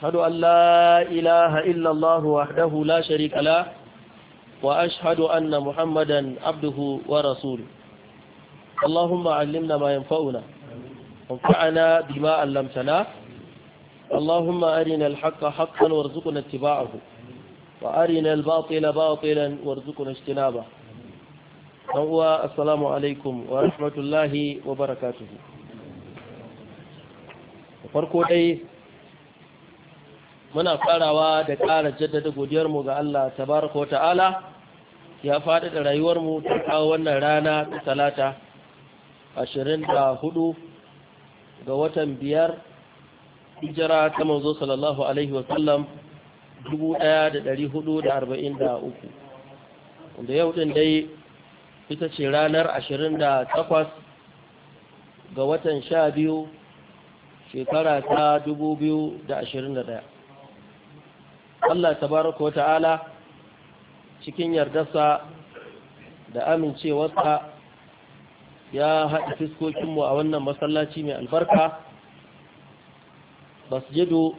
وأشهد أن لا إله إلا الله وحده لا شريك له وأشهد أن محمدا عبده ورسوله اللهم علمنا ما ينفعنا وانفعنا بما علمتنا اللهم أرنا الحق حقا وارزقنا اتباعه وأرنا الباطل باطلا وارزقنا اجتنابه هو السلام عليكم ورحمة الله وبركاته farko dai muna farawa da ƙara jaddada godiyarmu ga Allah tabaraka ta'ala ya faɗi da rayuwarmu ta kawo wannan rana ta talata 24 ga watan biyar hijira ta manzo sallallahu alaihi wasallam 1443 wanda yau ɗin dai ita ce ranar 28 ga watan 12 shekara ta 2021 Allah tabaraka wataala cikin yardarsa da amincewarsa ya haɗa fiskokinmu a wannan masallaci mai albarka basjidu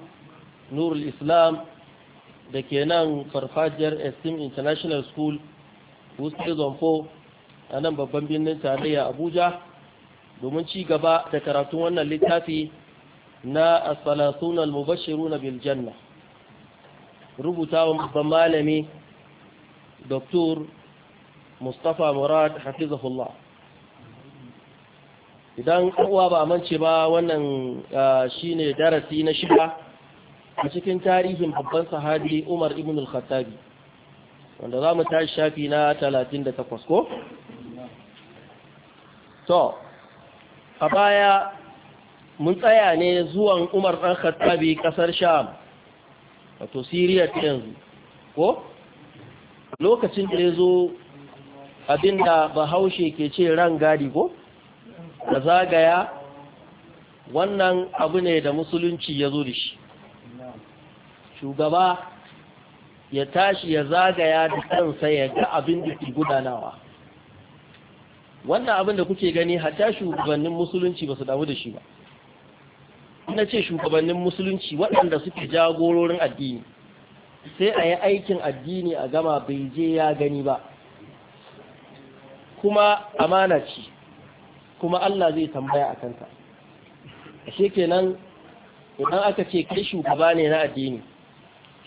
nurul islam da ke nan farfajiyar esteem international school wuske zonfo a nan babban birnin tarayya abuja domin ci gaba da karatun wannan littafi na Asalasunan mubashiru na biljanna wa babban malami Doktor Mustapha Murad Hafizahullah idan uwa ba mance ba wannan shine darasi na shida a cikin tarihin babban sahabi Umar ibn al-Khattabi wanda za mu tashi shafi na 38 ko? to a baya mun tsaya ne zuwan Umar ɗan Khattabi ƙasar Sham wato siriya ta yanzu ko lokacin da ya zo abinda bahaushe ke ce ran gadi ko da zagaya wannan abu ne da musulunci ya zo da shi shugaba ya tashi ya zagaya da kansa ya ga abin da ke gudanawa wannan abin da kuke gani hatta shugabannin musulunci ba su damu da shi ba na ce shugabannin musulunci waɗanda suke jagororin addini sai a yi aikin addini a gama bai je ya gani ba kuma amana ce kuma Allah zai tambaya a kanta ashe kenan idan aka ce kai shugaba ne na addini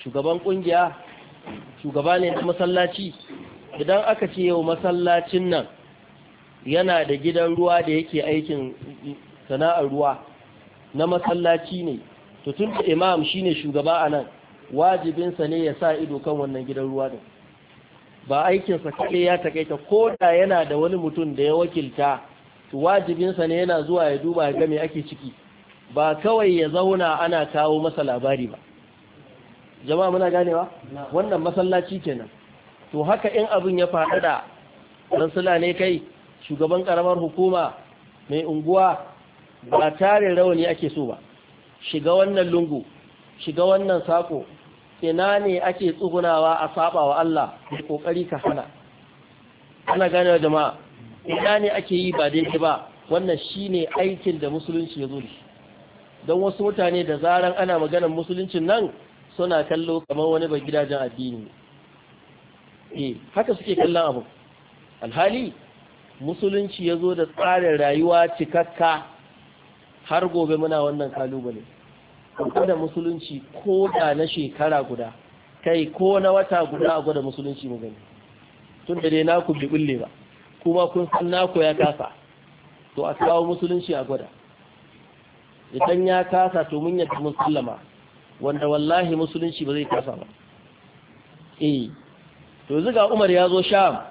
shugaban kungiya shugaba ne na masallaci idan aka ce yau masallacin nan yana da gidan ruwa da yake aikin sana'ar ruwa na masallaci ne to tun da imam shine shugaba a nan wajibinsa ne ya sa ido kan wannan gidan ruwa din ba aikinsa kaɗai ya takaita ko da yana da wani mutum da ya wakilta to wajibinsa ne yana zuwa ya duba ga me ake ciki ba kawai ya zauna ana kawo masa labari ba jama'a muna ganewa wannan masallaci kenan to haka in abin ya faɗaɗa ransula ne kai shugaban karamar hukuma mai unguwa ba tare rauni ake so ba shiga wannan lungu shiga wannan sako ina ne ake tsugunawa a saba wa Allah da kokari ka hana ana gane wa jama'a ina ne ake yi ba daidai ba wannan shine aikin da musulunci ya zo don wasu mutane da zaran ana maganar musuluncin nan suna kallo kamar wani ba gidajen addini eh haka suke kallon abu alhali musulunci ya zo da tsarin rayuwa cikakka har gobe muna wannan kalubale da musulunci ko da na shekara guda kai ko na wata guda a gwada musulunci mu gani tun da dai na ku bi bulle ba kuma kun san naku ya kasa to a kawo musulunci a gwada idan ya kasa to mun yadda sallama wanda wallahi musulunci ba zai kasa ba eh to zuga Umar ya zo Sham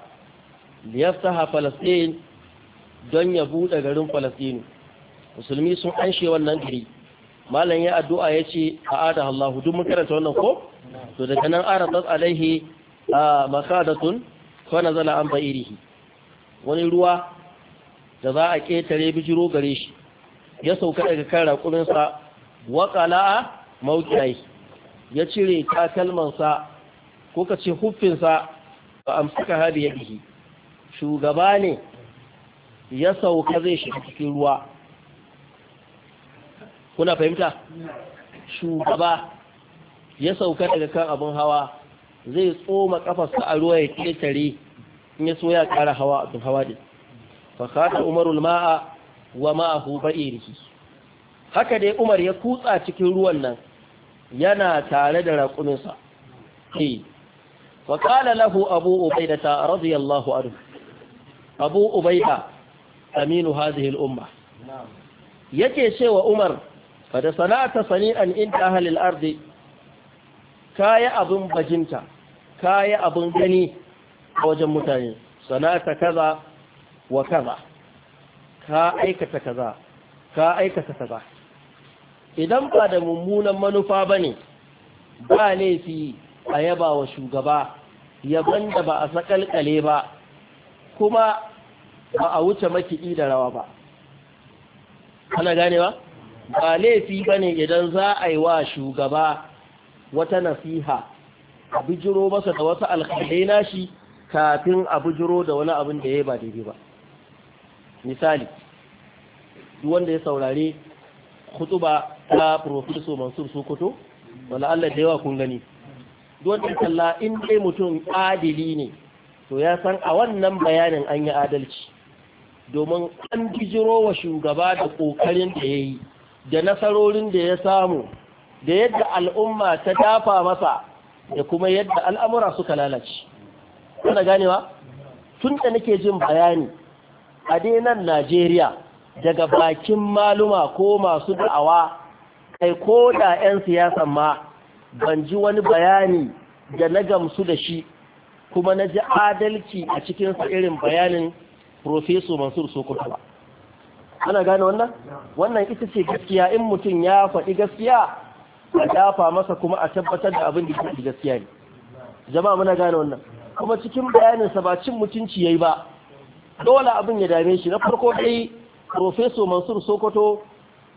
liyaftaha Falastin don ya buɗe garin falastin musulmi sun anshe wannan gari malam ya addu'a ya ce a ada Allah duk mun karanta wannan ko to daga nan aradat alaihi makadatun fa nazala an ba'irihi wani ruwa da za a ketare bijiro gare shi ya sauka daga kan raƙumin sa wa qala'a ya cire takalman sa ko ka ce huffin sa fa amsaka hadi yadihi shugaba ne ya sauka zai shiga cikin ruwa kuna fahimta shugaba ya sauka daga kan abin hawa zai tsoma kafarsa a ruwa ya ƙetare in ya so ya ƙara hawa abin hawa din fakata umarul ma'a wa ma'ahu ba'irihi haka dai umar ya kutsa cikin ruwan nan yana tare da raƙuminsa ke faƙala lahu abu ubaida ta radiyallahu anhu abu ubaida aminu hazihil umma yake cewa umar fada sana'ata sani'an inda ahalil ardi kayi abin bajinta kayi abin gani a wajen mutane sana'ata kaza wa kaza ka aikata kaza ka aikata kaza idan ba da mummunan manufa bane ba laifi a yaba wa shugaba yaban da ba a sakalkale ba kuma ba a wuce makiɗi da rawa ba ana ganewa ba laifi ba ne idan za a yi wa shugaba wata nasiha a bijiro masa da wasu alkhadai nashi kafin a bijiro da wani abin da ya ba daidai ba misali wanda ya saurare khutuba ta profeso mansur sokoto wala Allah da yawa kun gani wanda kalla in dai mutum adili ne to ya san a wannan bayanin an yi adalci domin an bijiro wa shugaba da kokarin da ya yi da nasarorin da ya samu da yadda al'umma ta dafa masa da kuma yadda al'amura suka lalace kuna ganewa tun da nake jin bayani a denan najeriya daga bakin maluma ko masu da'awa kai ko da 'yan siyasan ma ban ji wani bayani da na gamsu da shi kuma na ji adalci a cikinsa irin bayanin Profesor Mansur Sokoto ba. ana gane wannan wannan ita ce gaskiya in mutum ya faɗi gaskiya a dafa masa kuma a tabbatar da abin da ke gaskiya ne jama'a muna gane wannan kuma cikin bayaninsa ba cin mutunci ya yi ba dole abin ya dame shi na farko dai profeso mansur sokoto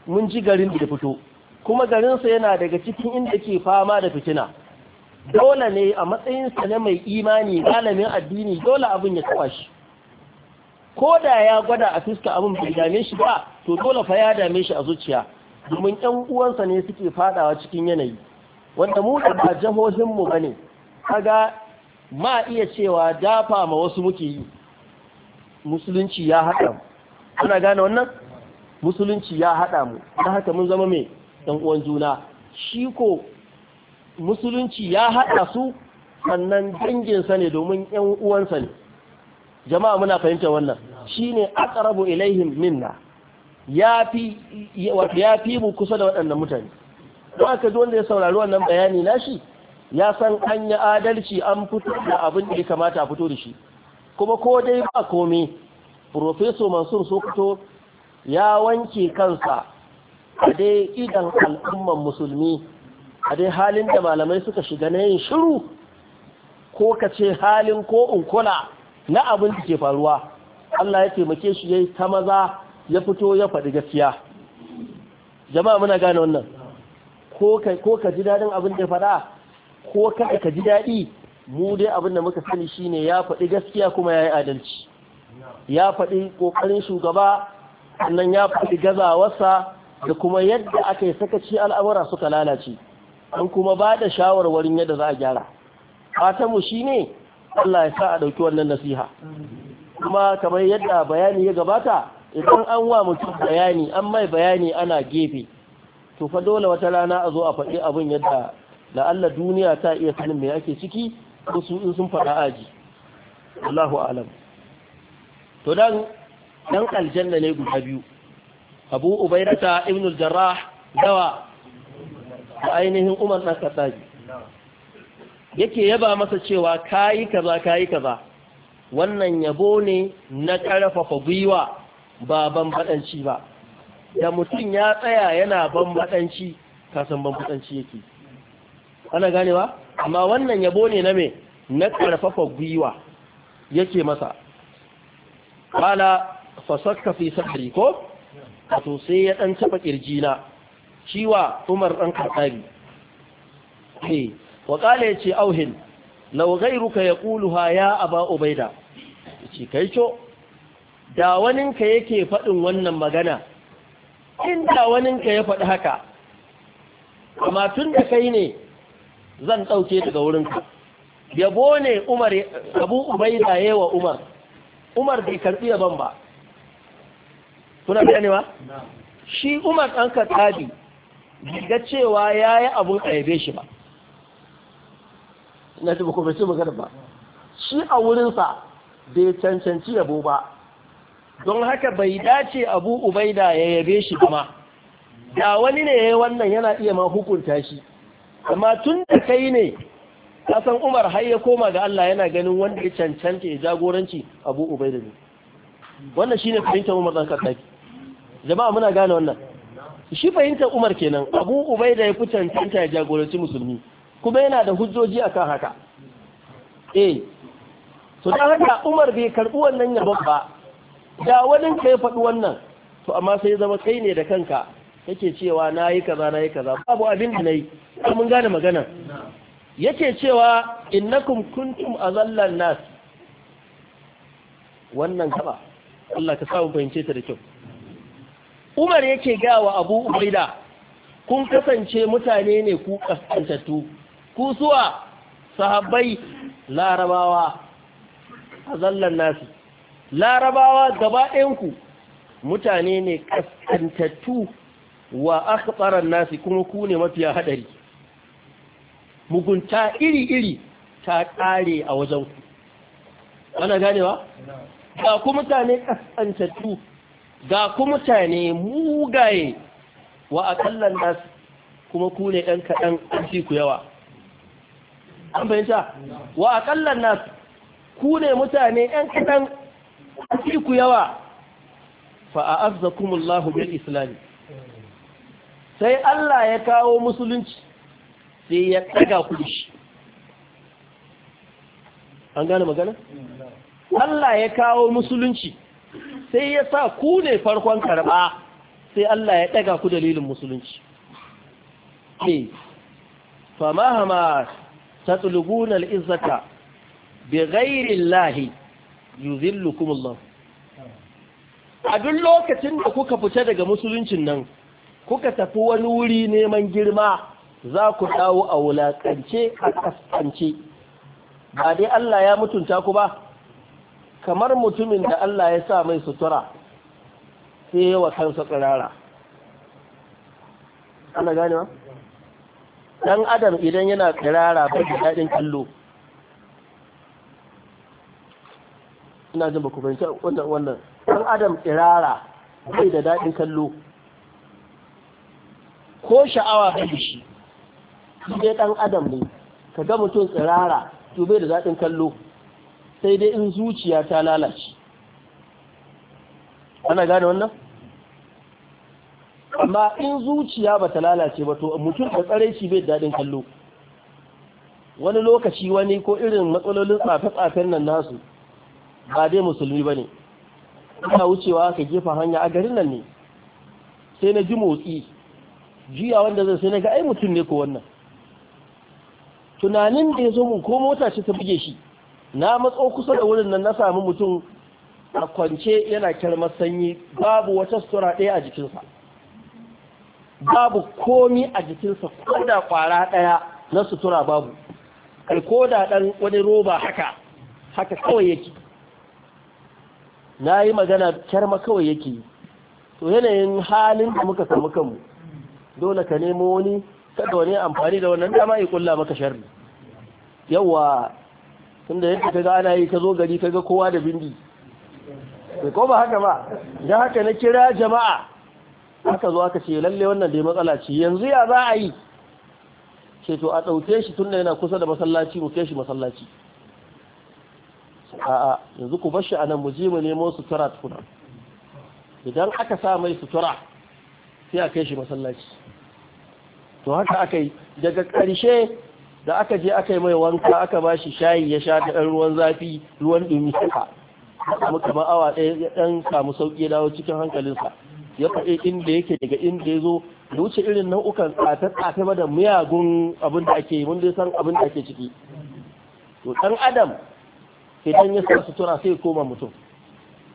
mun ji garin da fito kuma garinsa yana daga cikin inda ke fama da fitina dole ne a matsayinsa na mai imani malamin addini dole abin ya kawashi ko da ya gwada a fiska abin bai dame shi ba to dole fa ya dame shi a zuciya domin ƴan uwansa ne suke fadawa cikin yanayi wanda mu da ba jahohin mu bane kaga ma iya cewa dafa ma wasu muke yi musulunci ya haɗa mu kana gane wannan musulunci ya haɗa mu dan haka mun zama mai ɗan uwan juna shi ko musulunci ya haɗa su sannan danginsa ne domin ƴan uwansa ne jama'a muna fahimta wannan shine aqrabu ilaihim minna yafi yafi mu kusa da waɗannan mutane don haka duk wanda ya saurari wannan bayani nashi ya san an yi adalci an fito da abin da ya kamata a fito da shi kuma ko dai ba komai professor Mansur Sokoto ya wanke kansa a dai idan al'umman musulmi a dai halin da malamai suka shiga na yin shiru ko ka ce halin ko unkula na abin da ke faruwa Allah ya taimake shi yayi ta maza ya fito ya faɗi gaskiya jama'a muna gane wannan ko ka ko ka ji dadin abin da ya faɗa ko ka ka ji dadi mu dai abin da muka sani shine ya faɗi gaskiya kuma yayi adalci ya faɗi kokarin shugaba sannan ya faɗi gazawarsa da kuma yadda aka yi sakaci al'amura suka lalace an kuma bada shawarwarin yadda za a gyara fatanmu shine ne Allah ya sa a ɗauki wannan nasiha kuma kamar yadda bayani ya gabata idan an wa mutum bayani an mai bayani ana gefe to fa dole wata rana a zo a faɗi abin yadda da Allah duniya ta iya sanin me ake ciki ko su in sun faɗa aji Allahu alam to dan dan aljanna ne guda biyu Abu Ubaidata ibn al-Jarrah dawa da ainihin Umar dan Khattabi yake yaba masa cewa kayi kaza kayi kaza wannan yabo ne na ƙarfafa gwiwa ba banbaɗanci ba da mutum ya tsaya yana banbaɗanci kasan banbaɗanci yake ana ganewa ba amma wannan yabo ne na me na ƙarfafa gwiwa yake masa kala fasakka fi ko to sai ya dan taba kirjina ciwa umar ɗan karɓari wa qala yace auhin law ghayruka yaquluha ya aba ubaida yace kai co da waninka yake fadin wannan magana in da waninka ya fadi haka amma tun da kai ne zan dauke daga wurinka yabo ne Umar Abu Ubaida wa Umar Umar bai karbi yaban ba kuna ganewa shi Umar dan Khattabi ga cewa yayi abun aibe shi ba na ta ko bai magana ba shi a wurinsa bai cancanci yabo ba don haka bai dace abu ubaida ya yabe shi kuma da wani ne ya wannan yana iya ma hukunta shi amma tun da kai ne kasan umar har ya koma ga Allah yana ganin wanda ya cancanta ya jagoranci abu ubaida ne wannan shi ne fahimtar umar dan kattaki jama'a muna gane wannan shi fahimtar umar kenan abu ubaida ya fi cancanta ya jagoranci musulmi kuma yana da hujjoji akan haka eh to da haka Umar bai karbi wannan yabon ba da wani kai faɗi wannan to amma sai zama kai ne da kanka yake cewa nayi kaza nayi kaza babu abin da nayi mun gane magana yake cewa innakum kuntum azallan nas wannan gaba Allah ka samu fahimce ta da kyau Umar yake gawa Abu Ubaida kun kasance mutane ne ku kaskantattu kusuwa sahabbai larabawa a zallan nasi, larabawa gaba ɗayanku mutane ne ƙasƙantattu wa akhbaran nasi kuma ku ne mafiya haɗari. mugunta iri-iri ta ƙare a wajenku ana ganewa ga ku mutane ƙasƙantattu, ga ku mutane mugaye wa aƙallan nasi kuma ku ne ɗan kaɗan an ku yawa an fahimta wa aƙallan nas ku ne mutane ‘yan kaɗan a ku yawa fa'azzakumullahu bil islami sai Allah ya kawo musulunci sai ya ɗaga ku shi an gane magana? Allah ya kawo musulunci sai ya sa ku ne farkon karɓa sai Allah ya ɗaga ku dalilin musulunci. Eh, fama hamas tatlubuna al-izzata bighayri llahi yuzillukum Allah a duk lokacin da kuka fita daga musuluncin nan kuka tafi wani wuri neman girma za ku dawo a wulakance a ƙasƙance, ba dai Allah ya mutunta ku ba kamar mutumin da Allah ya sa mai sutura sai wa kansa tsirara ana dan adam idan yana tsirara ba da daɗin kallo ina jin ba ku fahimci wannan wannan dan adam tsirara bai da daɗin kallo ko sha'awa ba da shi dai dan adam ne ka ga mutum tsirara to bai da daɗin kallo sai dai in zuciya ta lalace ana gane wannan amma in zuciya ba ta lalace ba to mutum da tsare shi bai daɗin kallo wani lokaci wani ko irin matsalolin tsafe-tsafen nan nasu ba dai musulmi ba ne ina wucewa ka gefa hanya a garin nan ne sai na ji motsi jiya wanda zai sai na ga ai mutum ne ko wannan tunanin da ya zo mun ko mota ce ta buge shi na matso kusa da wurin nan na samu mutum a kwance yana kyarmar sanyi babu wata sutura ɗaya a jikinsa babu komi a jikinsa ko da kwara ɗaya na sutura babu kai ko da ɗan wani roba haka haka kawai yake na yi magana kyarma kawai yake to yanayin halin da muka samu kanmu dole ka nemo wani kada wani amfani da wannan dama ya kulla maka sharri yawa tunda yadda kaga ana yi ka zo gari kaga kowa da bindi ko ba haka ba da haka na kira jama'a aka zo aka ce lalle wannan dai matsala ce yanzu ya za a yi ce to a ɗauke shi tun da yana kusa da masallaci mu ke shi masallaci a'a yanzu ku bashi a nan mu je nemo sutura tukuna idan aka sa mai sutura sai a kai shi masallaci to haka aka yi daga ƙarshe da aka je aka yi mai wanka aka ba shi shayi ya sha da ruwan zafi ruwan ɗumi haka muka ma'awa awa ɗaya ya ɗan samu sauƙi dawo cikin hankalinsa ya faɗi inda yake daga inda ya zo da wuce irin nau'ukan tsafe ba da miyagun abin da ake yi mun dai san abin da ake ciki to ɗan adam idan ya sa sutura sai koma mutum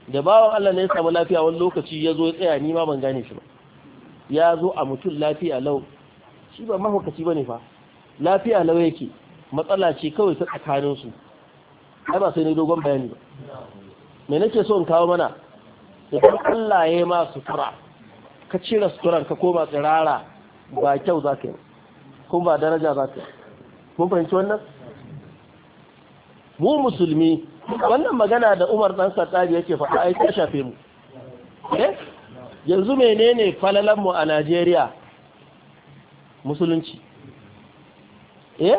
da bawan Allah ne ya samu lafiya wani lokaci ya zo ya tsaya ni ma ban gane shi ba ya zo a mutum lafiya lau shi ba mahaukaci ba ne fa lafiya lau yake matsala ce kawai ta tsakaninsu ai ba sai ne dogon bayani ba me nake so in kawo mana idan Allah ya ma sutura ka cire suturan ka koma tsirara ba kyau za ka yi kuma ba daraja za ka yi mun fahimci wannan mu musulmi wannan magana da Umar dan Sattabi yake faɗa ai ta shafe mu eh yanzu menene falalan mu a Najeriya musulunci eh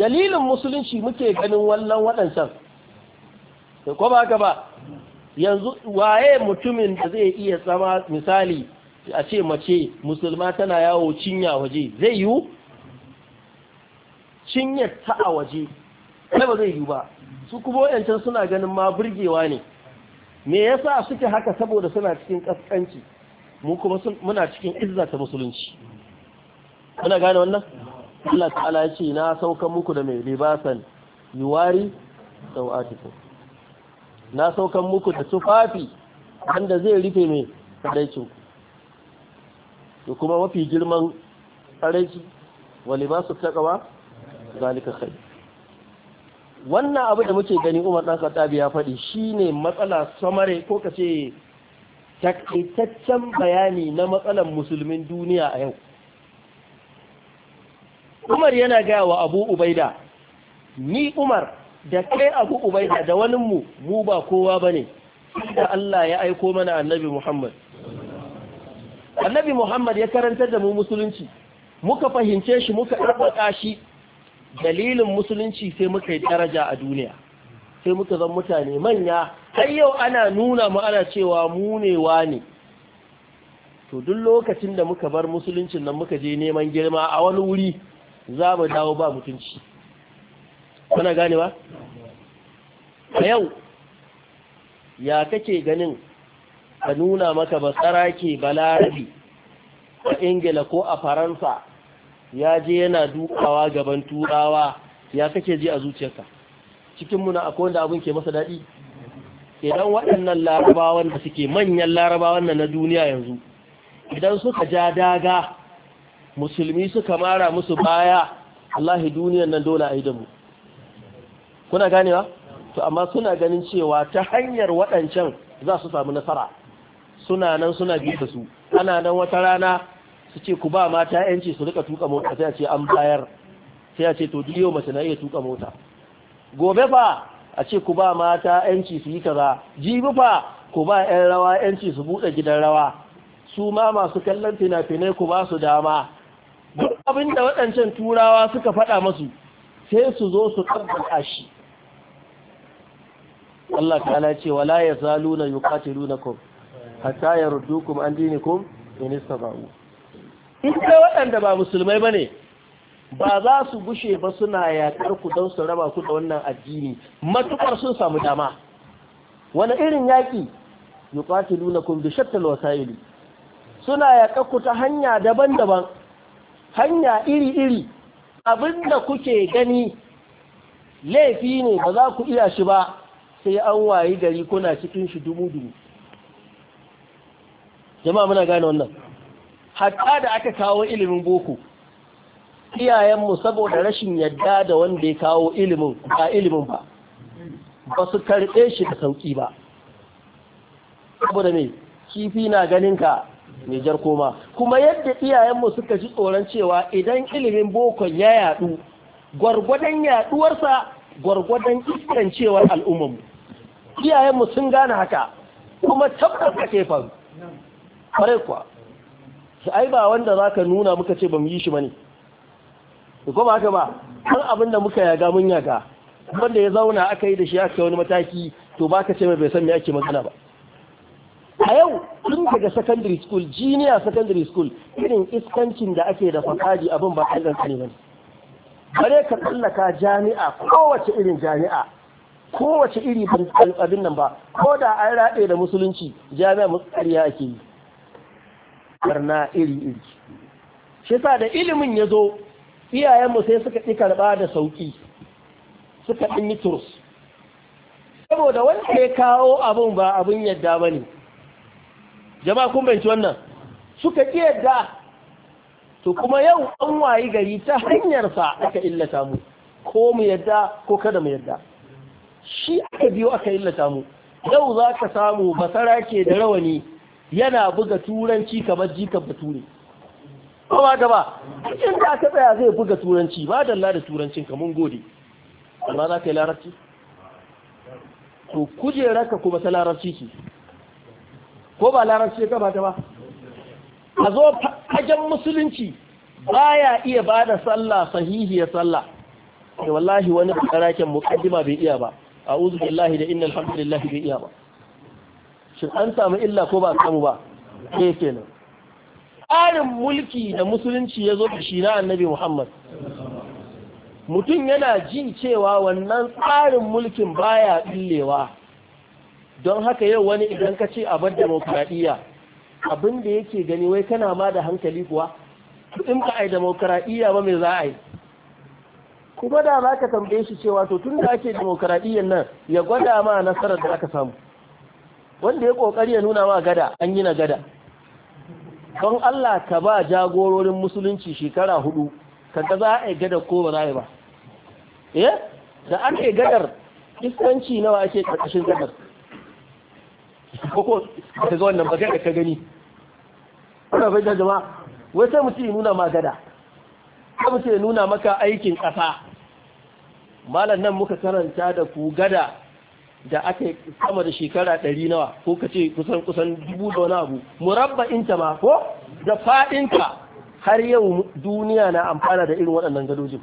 dalilin musulunci muke ganin wallan waɗancan eh, ko ba ka ba yanzu waye mutumin da zai iya tsama misali a ce mace musulma tana yawo cinya waje zai yiwu cinya ta a waje kai ba zai yiwu ba su kuma 'yancin suna ganin ma burgewa ne me yasa suke haka saboda suna cikin kaskanci mu kuma muna cikin izza ta musulunci Muna gane wannan Allah ta'ala ya ce na saukan muku da mai ribasan yuwari sau'atikun na saukan muku da tufafi wanda zai rufe mai tsaraicin da kuma mafi girman tsaraici wale ba su takawa zalika kai wannan abu da muke gani umar ɗan khattabi ya faɗi shi ne matsala samare ko ka ce takaitaccen bayani na matsalan musulmin duniya a yau umar yana gaya wa abu ubaida ni umar da kai abu ubaida da wani mu mu ba kowa bane da Allah ya aiko mana annabi Muhammad annabi Muhammad ya karantar da mu musulunci muka fahimce shi muka ɗabbaka shi dalilin musulunci sai muka yi daraja a duniya sai muka zan mutane manya har yau ana nuna mu ana cewa mu ne ne. to duk lokacin da muka bar musuluncin nan muka je neman girma a wani wuri za mu dawo ba mutunci kuna gane ba a yau ya kake ganin ka nuna maka ba tsarake balarabi a ingila ko a faransa ya je yana dukawa gaban turawa ya kake ji a zuciyarka cikinmu na akwai wanda abin ke masa daɗi idan waɗannan larabawan da suke manyan larabawan na duniya yanzu idan suka ja daga musulmi suka mara musu baya Allah duniyar nan dole a idanmu da mu kuna ganewa to amma suna ganin cewa ta hanyar waɗancan za su samu nasara suna nan suna bisa su ana nan wata rana su ce ku ba mata yanci su rika tuka mota sai a ce an bayar sai a ce to yau mace na iya tuka mota gobe fa a ce ku ba mata yanci su yi kaza jibi fa ku ba yan rawa yanci su buɗe gidan rawa su ma masu kallon fina-finai ku ba su dama duk abinda waɗancan turawa suka faɗa masu sai su zo su ɗabbaka shi Allah ta'ala ce wala yazaluna yuqatilunakum hatta yardukum an dinikum in istata'u in kai waɗanda ba musulmai bane ba za su bushe ba suna yaƙar ku don su raba ku da wannan addini matukar sun samu dama wani irin yaƙi yuqatilunakum bi shattal wasaili suna yaƙar ku ta hanya daban-daban hanya iri-iri abinda kuke gani laifi ne ba za ku iya shi ba sai an wayi gari kuna cikin shi dubu-dubu jama'a muna gane wannan hatta da aka kawo ilimin boko iyayenmu saboda rashin yadda da wanda ya kawo ilimin ba ilimin ba ba su karɓe shi da sauƙi ba saboda ne kifi na ganinka mai jar koma kuma yadda iyayenmu suka ji tsoron cewa idan ilimin bokon ya yaɗu gwargwadon yaɗuwarsa gwargwadon iskancewar al'ummarmu iyayenmu sun gane haka kuma tabbas kake faru kwarai kuwa shi ai ba wanda za ka nuna muka ce ba mu yi shi ba ne ko ba haka ba har abin da muka yaga mun yaga wanda ya zauna aka yi da shi aka wani mataki to ba ka ce mai bai san me ake magana ba a yau tun daga secondary school junior secondary school irin iskancin da ake da fasadi abin ba kai ne ba ne bare ka tsallaka jami'a kowace irin jami'a kowace iri ban abin nan ba ko da an raɗe da musulunci jami'a mutsariya yi karna iri iri shi sa da ilimin ya zo iyayenmu sai suka ɗi karɓa da sauƙi suka ɗin yi turus saboda wanda ya kawo abin ba abin yadda ba ne jama'a kun wannan suka ƙi yadda to kuma yau an wayi gari ta hanyarsa aka illata mu ko mu yadda ko kada mu yadda shi aka biyo aka illata mu yau za ka samu basara ke da rawani yana buga turanci kamar jikan bature ba gaba, ba cikin da aka tsaya zai buga turanci ba da da turancin kamun gode amma za ka yi larabci to kujerarka kuma ta larabci ki? ko ba larabci ya gabata ta ba a zo fagen musulunci ba ya iya ba da sallah sahihiyar sallah da eh, wallahi wani karaken mukaddima bai iya ba a'udhu billahi da innal hamdulillahi bi iya ba shin an samu illa ko ba a samu ba eh kenan tsarin mulki da musulunci ya zo da shi na annabi Muhammad mutum yana ji cewa wannan tsarin mulkin baya ɓillewa don haka yau wani idan ka ce abin demokradiyya abin da yake gani wai kana ma da hankali kuwa in ka a yi demokradiyya ba mai za a yi kuma da za ka tambaye shi cewa to tun da ake demokradiyyar nan ya gwada ma nasarar da aka samu wanda ya kokari ya nuna ma gada an yi na gada don Allah ka ba jagororin musulunci shekara hudu kaga za a yi gada ko ba za a yi ba eh da aka yi gadar iskanci nawa ake karkashin gadar koko ka ga wannan bagada ka gani ana bai da jama'a wai sai mutum ya nuna ma gada sai mutum ya nuna maka aikin ƙasa malam nan muka karanta da ku gada da aka sama da shekara ɗari nawa ko ka ce kusan kusan dubu da wani abu murabba'inta ma ko da fa'inta har yau duniya na amfana da irin waɗannan gadojin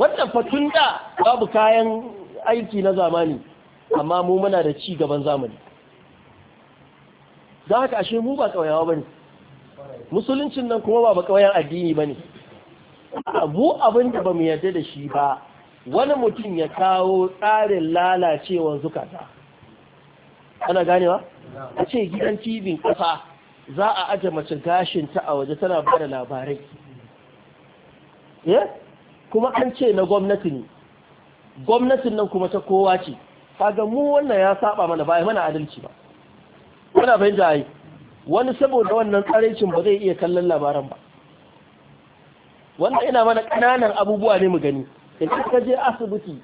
wannan fatun da babu kayan aiki na zamani amma mu muna da ci gaban zamani za haka ashe mu ba ƙauyawa ba ne musuluncin nan kuma ba ba ƙauyen addini ba ne abu abin da ba mu yarda da shi ba wani mutum ya kawo tsarin lalacewar zukata ana ganewa a ce gidan tibin ƙasa za a aje mace gashinta a waje tana ba da labarai eh? kuma an ce na gwamnati ne gwamnatin nan kuma ta kowa ce kaga mu wannan ya saba mana ba mana adalci ba wani abin da wani saboda wannan tsaraicin ba zai iya kallon labaran ba wanda ina mana ƙananan abubuwa ne mu gani idan ka je asibiti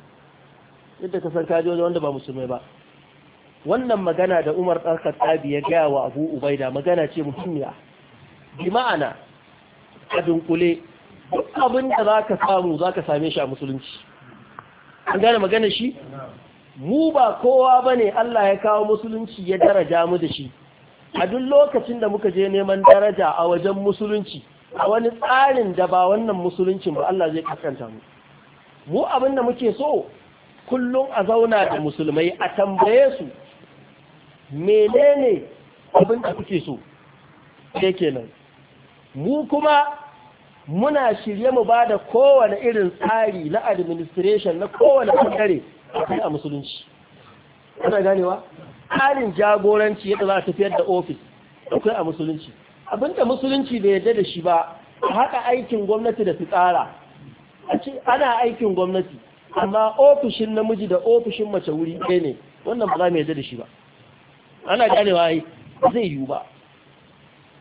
yadda ka san ka je wanda ba Musulmi ba wannan magana da Umar dan Khattabi ya gaya wa Abu Ubaida magana ce musulmiya bi ma'ana ka dunkule duk abin da zaka samu zaka same shi a musulunci an gane magana shi mu ba kowa bane Allah ya kawo musulunci ya daraja mu da shi a duk lokacin da muka je neman daraja a wajen musulunci a wani tsarin da ba wannan musuluncin ba Allah zai kaskanta mu mu abin da muke so kullum a zauna da musulmai a tambaye su menene abin da kuke so sai kenan mu kuma muna shirye mu ba da kowane irin tsari na administration na kowane kare a musulunci ana ganewa tsarin jagoranci yadda za a tafiyar da ofis akwai a musulunci abinda musulunci bai yarda da shi ba haka aikin gwamnati da su a ce ana aikin gwamnati amma ofishin namiji da ofishin mace wuri ɗaya ne wannan ba za mu yarda da shi ba ana ganewa yi ba zai yiwu ba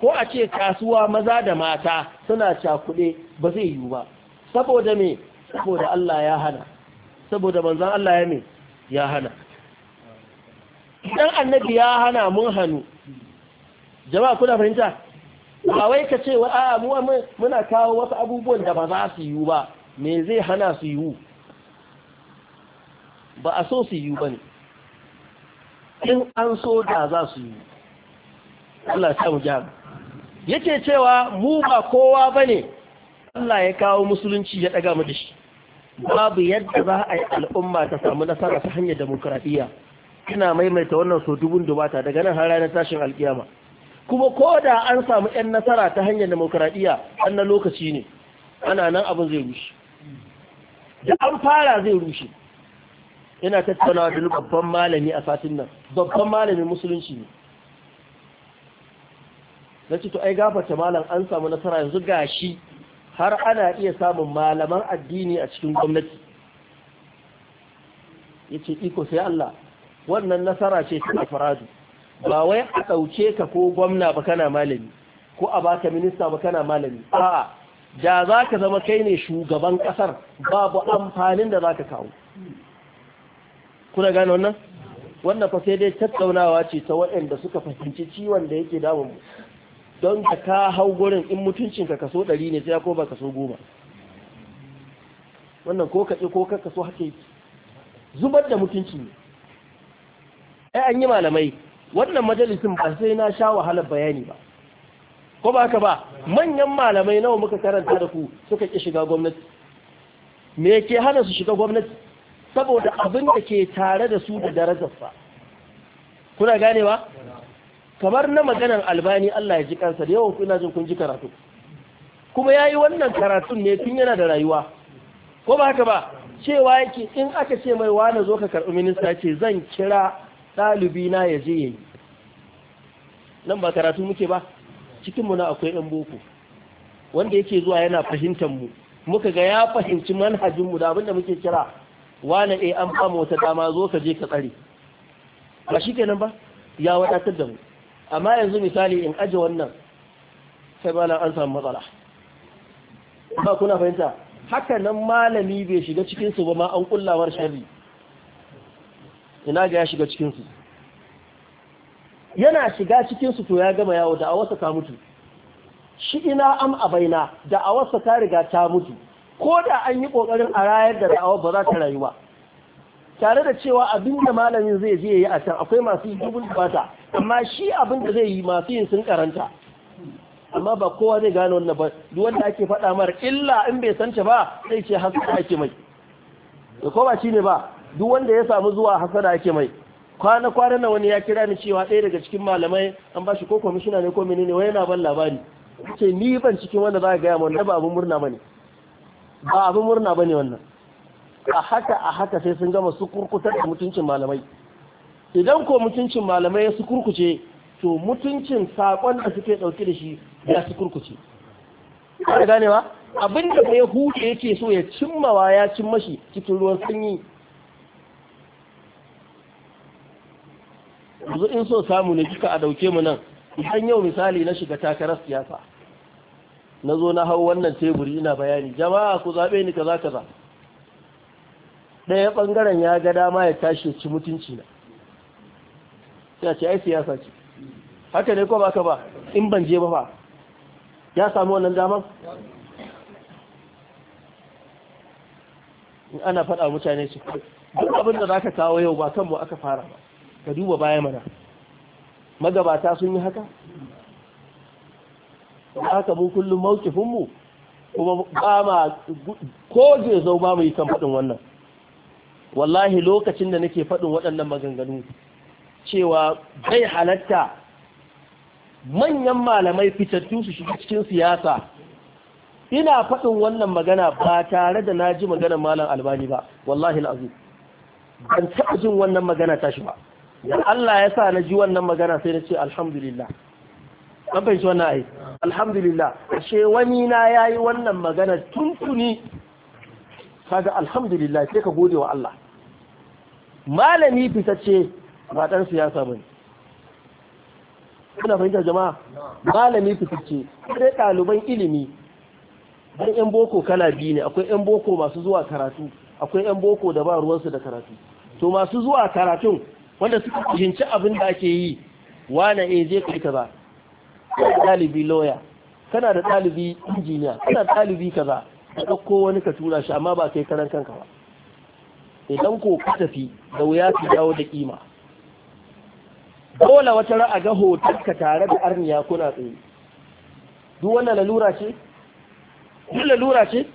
ko a ce kasuwa maza da mata suna cakuɗe ba zai yiwu ba saboda me saboda Allah ya hana saboda manzon Allah ya me ya hana Dan annabi ya hana mun hanu jama'a kuna fahimta ba wai ka ce wa a muna kawo wasu abubuwan da ba za su yiwu ba me zai hana su yiwu ba a so su yiwu ba ne in an so da za su yiwu Allah ya mu jami yake cewa mu ba kowa ba ne Allah ya kawo musulunci ya ɗaga mu da shi babu yadda za a yi al'umma ta samu nasara ta hanyar demokradiyya ina maimaita wannan so dubun dubata daga nan har ranar tashin alkiyama kuma ko da an samu 'yan nasara ta hanyar demokradiyya an lokaci ne ana nan abin zai rushe da an fara zai rushe yana tattaunawa da babban malami a satin nan babban malamin musulunci ne na ce ai gafarta malam an samu nasara yanzu gashi har ana iya samun malaman addini a cikin gwamnati ya ce iko sai Allah wannan nasara ce ta faradu ba wai a ɗauke ka ko gwamna ba kana malami ko a baka minista ba kana malami a'a da za ka zama kai ne shugaban ƙasar babu amfanin da za ka kawo kuna gane wannan wannan fa sai dai tattaunawa ce ta waɗanda suka fahimci ciwon da yake damun mu don ka ka hau gurin in mutuncinka kaso ɗari ne sai ko ba kaso goma wannan ko kaɗe ko ka kaso haka zubar da mutunci ne ai an yi malamai wannan majalisin ba sai na sha wahalar bayani ba ko ba ka ba manyan malamai nawa muka karanta da ku suka ƙi shiga gwamnati me ke hana su shiga gwamnati saboda abin da ke tare da su da darajar sa kuna ganewa kamar na maganan albani Allah ya ji kansa da yawan kuna jin kun ji karatu kuma ya wannan karatun ne tun yana da rayuwa ko ba ka ba cewa yake in aka ce mai wane zo ka karɓi minista ce zan kira ɗalibi na ya je yi. nan ba karatu muke ba cikinmu na akwai ɗan boko wanda yake zuwa yana fahimtar mu muka ga ya fahimci manhajinmu da abinda muke kira wane eh an ba wata dama zo ka je ka tsare ba shi kenan ba ya wadatar da mu amma yanzu misali in aje wannan sai malam an samu matsala ba kuna fahimta haka nan malami bai shiga cikin su ba ma an kullawar sharri ina ga ya shiga cikinsu yana shiga cikinsu to ya gama yawo da awarsa ta mutu shi ina am a baina da awarsa ta riga ta mutu ko da an yi ƙoƙarin a rayar da da'awar ba za ta rayu ba tare da cewa abin da malamin zai je yi a can akwai masu yi bata amma shi abin da zai yi masu yin sun karanta amma ba kowa zai gane wannan ba duk wanda ake faɗa mara illa in bai sance ba zai ce haka ake mai da ko ba shi ne ba duk wanda ya samu zuwa hasana yake mai kwana kwana na wani ya kira ni cewa ɗaya daga cikin malamai an ba shi ko kwamishina ne ko menene wai yana ban labari ce ni ban cikin wanda za ka gaya mana ba abin murna bane ba abin murna bane wannan a haka a haka sai sun gama su kurkutar da mutuncin malamai idan ko mutuncin malamai ya su kurkuce to mutuncin sakon da suke dauke da shi ya su kurkuce ka ne ba abin da ya hude yake so ya cimma wa ya cimma shi cikin ruwan sanyi yanzu in so samu ne kika a dauke mu nan idan yau misali na shiga takarar siyasa na zo na hau wannan teburi ina bayani jama'a ku zaɓe ni kaza kaza ɗaya ɓangaren ya ga dama ya tashi ci mutunci na ya ce ai siyasa ce haka ne ko baka ba in ban je ba ba ya samu wannan daman ana faɗa mutane su duk abin da za ka kawo yau ba kanmu aka fara ba ka duba baya mana magabata sun yi haka haka mu kullum mawkifinmu kuma ba ma ko zau ba mu yi kan faɗin wannan wallahi lokacin da nake faɗin waɗannan maganganu cewa bai halatta manyan malamai fitattu su shiga cikin siyasa ina faɗin wannan magana ba tare da na ji maganar malam albani ba wallahi al'azim ban taɓa jin wannan magana tashi ba da Allah ya sa na ji wannan magana sai na ce alhamdulillah an fahimci wannan ai alhamdulillah ashe wani na yayi wannan magana tuntuni kaga alhamdulillah sai ka gode wa Allah malami fitacce ba dan siyasa bane kuna fahimtar jama'a malami fitacce sai ɗaliban ilimi dan yan boko kala biyu ne akwai yan boko masu zuwa karatu akwai yan boko da ba ruwansu da karatu to masu zuwa karatun wanda suka fahimci abin da ake yi wane eh zai kai kaza ɗalibi lawyer kana da ɗalibi injiniya kana da ɗalibi kaza ka ɗauko wani ka tura shi amma ba kai karan kanka ba idan ko ka tafi da wuya su dawo da kima dole wata ra'a ga hotar ka tare da arniya kuna tsaye duk wannan lalura ce duk lalura ce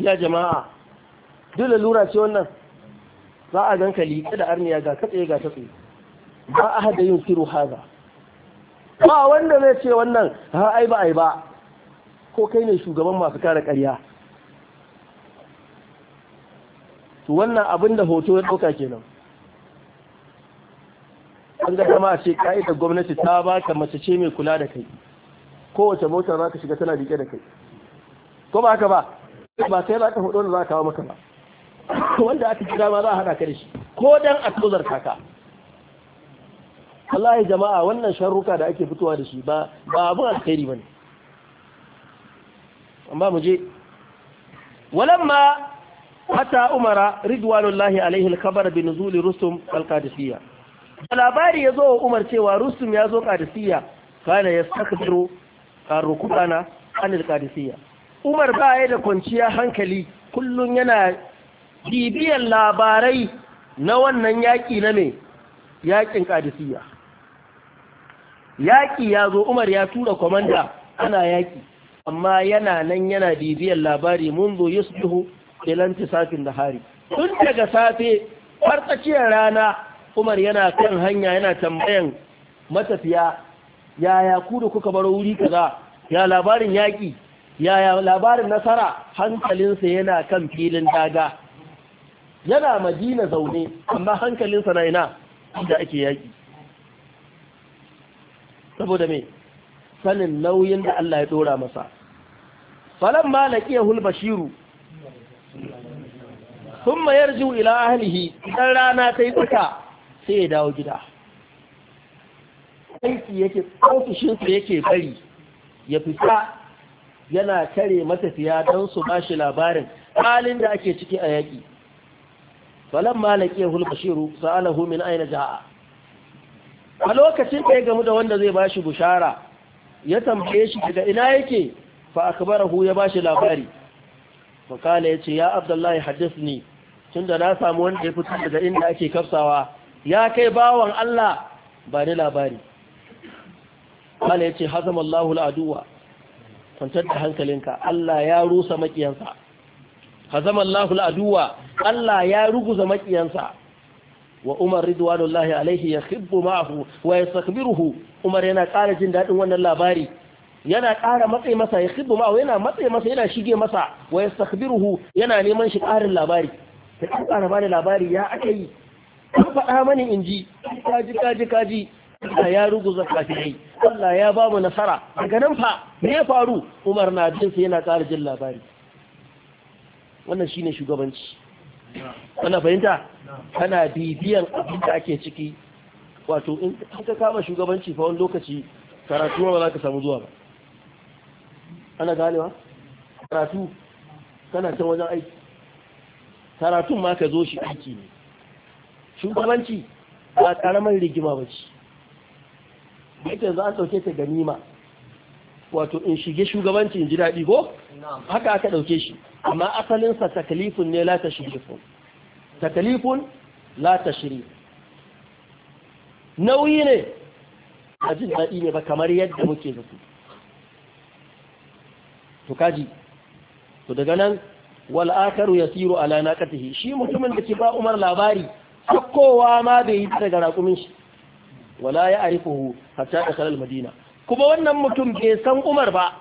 ya jama'a duk lalura ce wannan za a ganka liƙe da arniya ga katse ga katsaye ba a hada yin siru haza ba wanda zai ce wannan ha ai ba ai ba ko kai ne shugaban masu kare ƙarya to wannan abin da hoto ya ɗauka kenan an ga dama ce ka'idar gwamnati ta ba ka mace ce mai kula da kai kowace mota za ka shiga tana liƙe da kai ko ba ka ba ba sai ba ka hudu da za ka kawo maka ba wanda aka kira ma za a hana ka shi ko dan a tozar kaka ya jama'a wannan sharruka da ake fitowa da shi ba ba abin alkhairi ne. amma mu je walamma hatta umara ridwanullahi alaihi alkhabar bi nuzul rusum alqadisiyya labari yazo umar cewa rusum yazo qadisiyya kana yastakbiru arukubana an alqadisiyya umar ba ya da kwanciya hankali kullun yana bibiyar labarai na wannan yaƙi na mai yaƙin ƙadisiyya yaƙi ya zo umar ya tura kwamanda ana yaƙi amma yana nan yana bibiyar labari mun zo yi suhu ilanti safin da hari tun daga safe har rana umar yana kan hanya yana tambayan matafiya yaya ku da kuka bar wuri kaza ya labarin yaƙi yaya labarin nasara hankalinsa yana kan filin daga yana madina zaune amma hankalinsa na ina inda ake yaƙi saboda me sanin nauyin da Allah ya dora masa falan ma laqiyahul bashiru thumma yarju ila ahlihi dan rana sai tsaka sai ya dawo gida aiki yake ofishin sa yake bari ya fita yana kare matafiya don su bashi labarin halin da ake ciki a yaƙi falamma laqiyahu al-bashiru sa'alahu min ayna jaa a lokacin da ya gamu da wanda zai bashi bushara ya tambaye shi daga ina yake fa akbarahu ya bashi labari fa kala yace ya abdullahi hadithni tunda na samu wanda ya fito daga inda ake kafsawa ya kai bawan Allah ba ni labari kala yace hazamallahu al-aduwa kwantar da hankalinka Allah ya rusa makiyansa hazama Allahu al'aduwa Allah ya ruguza makiyansa wa Umar ridwanullahi alaihi yakhibbu ma'ahu wa yastakbiruhu Umar yana ƙara jin dadin wannan labari yana ƙara matsayi masa yakhibbu ma'ahu yana matsayi masa yana shige masa wa yastakbiruhu yana neman shi ƙarin labari sai an ƙara bada labari ya akai an faɗa mani inji kaji kaji kaji Allah ya ruguza kafirai Allah ya ba mu nasara daga nan fa me ya faru Umar na jin sai yana ƙara jin labari wannan shine shugabanci wannan fahimta kana bibiyan abin da ake ciki wato in ka kama shugabanci fa wani lokaci karatu ba za ka samu zuwa ba ana galewa karatu kana can wajen aiki karatun ma ka zo shi aiki ne shugabanci ba karamar rigima ba ce yake za a ɗauke ta ganima wato in shige shugabanci in ji daɗi ko haka aka ɗauke shi amma asalinsa takalifun ne la tashrifun takalifun la tashrif nauyi ne a jin daɗi ne ba kamar yadda muke zato to kaji to daga nan wal akaru siro ala na naqatihi shi mutumin da ke ba Umar labari kowa ma bai yi daga raƙumin shi wala ya arifuhu hatta da kalal madina kuma wannan mutum bai san Umar ba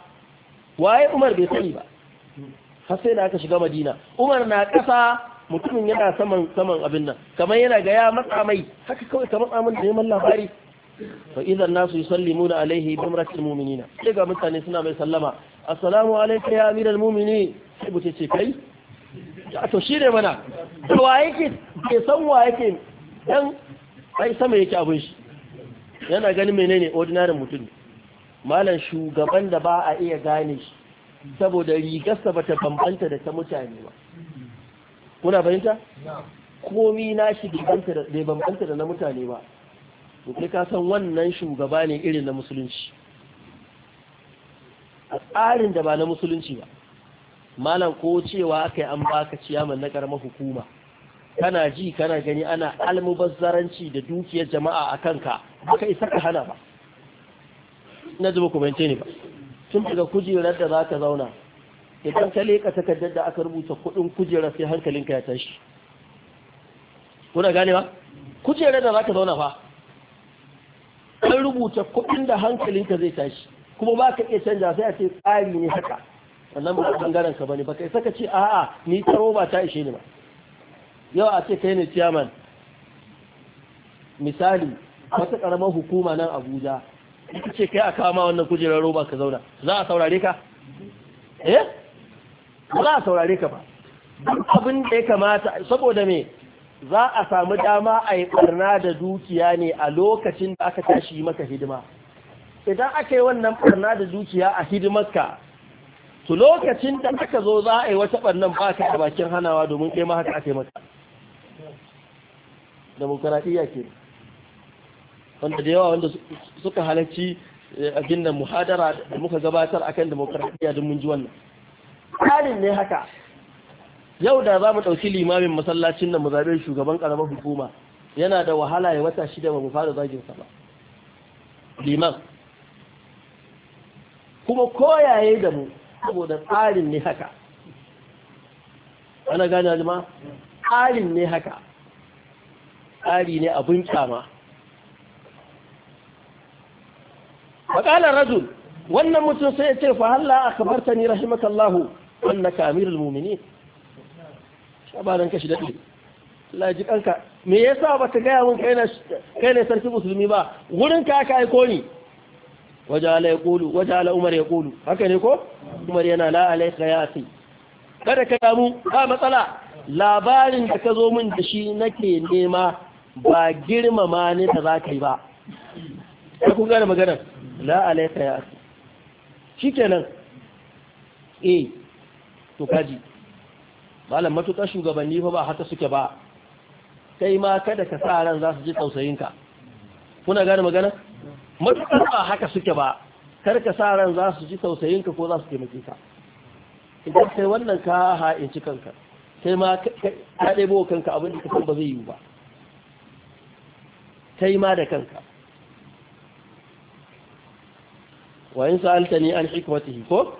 waye Umar bai sani ba har sai da aka shiga madina umar na ƙasa mutumin yana saman saman abin nan kamar yana ga ya matsa mai haka kawai kamar amin da neman labari fa idan nasu yusallimuna alaihi bi amratil mu'minina sai ga mutane suna mai sallama assalamu alayka ya amiral mu'minin sai buce ce kai to shi ne mana wa yake ke san wa yake dan ai sama yake abin shi yana ganin menene ordinary mutum malam shugaban da ba a iya gane shi saboda rigarsa ta bambanta da ta mutane ba kuna fahimta komi na shi bai bambanta da na mutane ba kai ka san wannan shugaba ne irin na musulunci a tsarin da ba na musulunci ba malam ko cewa aka yi an baka ciyaman na karamar hukuma kana ji kana gani ana almubazzaranci da dukiyar jama'a a kanka ka isa ka hana ba na zuba kuma ne ba tun daga kujerar da za ka zauna idan ka leka takardar da aka rubuta kudin kujerar sai hankalinka ya tashi kuna gane ba kujerar da za ka zauna fa an rubuta kudin da hankalinka zai tashi kuma ba ka iya canja sai a ce tsari ne haka sannan ba bangaren ka bane baka saka ce a'a ni taro ba ta ishe ni ba yau a ce kai ne chairman misali wata karamar hukuma nan Abuja ita ce kai a kama wannan kujerar roba ka zauna za a saurare ka eh za a saurare ka ba abin da ya kamata saboda me za a sami dama a yi barna da dukiya ne a lokacin da aka tashi maka hidima idan aka yi wannan barna da dukiya a hidimarka to lokacin da aka zo za a yi wata barnan ba ka da bakin hanawa domin kai ma haka aka yi maka ke wanda da yawa wanda suka halarci eh, abin da muhadara da muka gabatar a kan demokradiyya don mun ji wannan tsarin ne haka yau da za mu ɗauki limamin masallacin da mu zaɓe shugaban ƙaramar hukuma yana da wahala ya wata shida ba mu fara zagin sa ba liman kuma koyaye da mu saboda tsarin ne haka ana gane ma tsarin ne haka tsari ne abin kyama faƙalar rajul wannan mutum sai ya ce fa halla a kabarta ni rahimakallahu wannan ka amirul mumini shabaran shi daɗi Allah ji kanka me yasa ba baka gaya min kai ne sarki musulmi ba wurin ka aka aiko ni Ala ya kulu Ala umar ya kulu haka ne ko umar yana la alaika ya asi kada ka damu ba matsala labarin da ka zo min da shi nake nema ba girmama ne da za ka yi ba Ya kun gane maganar la alaika ya asu nan, A to kaji malam matuƙa shugabanni fa ba haka suke ba kai ma kada ka sa ran za su ji tausayinka kuna gane magana matuƙar ba haka suke ba kar ka sa ran za su ji tausayinka ko za su taimake ka idan kai wannan ka ci kanka kai ma ka ɗebo kanka abin da ka san ba zai yi ba kai ma da kanka wa in sa'alta ni an hikmatihi ko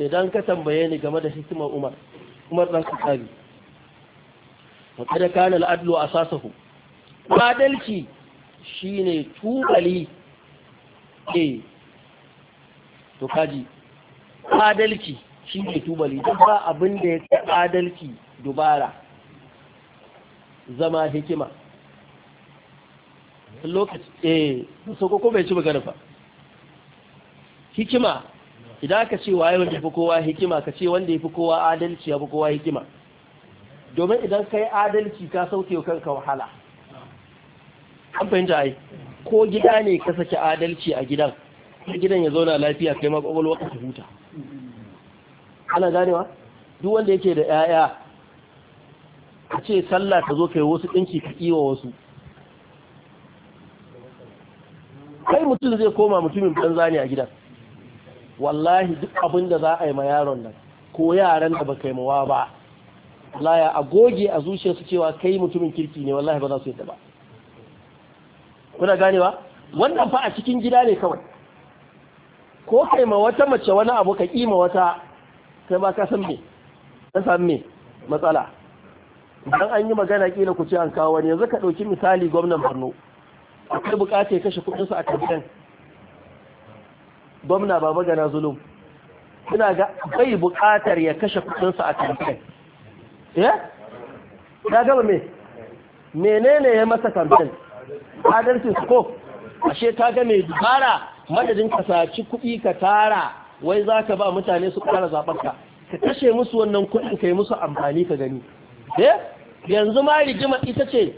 idan ka tambaye ni game da hikimar Umar Umar dan Khattabi wa kada kana al'adlu adlu asasahu adalci shine tubali eh to kaji adalci shine tubali duk ba abin da yake adalci dubara zama hikima lokaci eh so ko bai ci magana fa hikima idan ka ce waye wanda fi kowa hikima ka ce wanda ya fi kowa adalci yafi kowa hikima domin idan ka yi adalci ka sauke wa kanka wahala an fahimta ai ko gida ne ka saki adalci a gidan gidan ya zauna lafiya kai ma kwakwalwa ka huta ana ganewa duk wanda yake da 'ya'ya a ce sallah ta zo kai wasu ɗinki ka kiwa wasu kai mutum zai koma mutumin banza ne a gidan wallahi duk abin da za a yi ma yaron nan ko yaran da ba kai mawa ba laya a goge a zuciyarsu cewa kai mutumin kirki ne wallahi ba za su yi ba kuna ganewa wannan fa a cikin gida ne kawai ko kai ma wata mace wani abu ka kima wata kai ba ka san me ka san me matsala idan an yi magana kila ku ce an kawo wani yanzu ka ɗauki misali gwamnan Borno akwai bukatar kashe su a kabilan gwamna baba gana zulum suna ga bai buƙatar ya kashe kudinsa a kamfen ya? Eh? ya gaba me menene ya masa kamfen Adalci su ko ashe ka ga mai dubara madadin ka saci kuɗi ka tara wai za ka ba mutane su kara zaɓar ka ka kashe musu wannan kuɗin ka yi musu amfani ka gani ya? Eh? yanzu ma rigima ita ce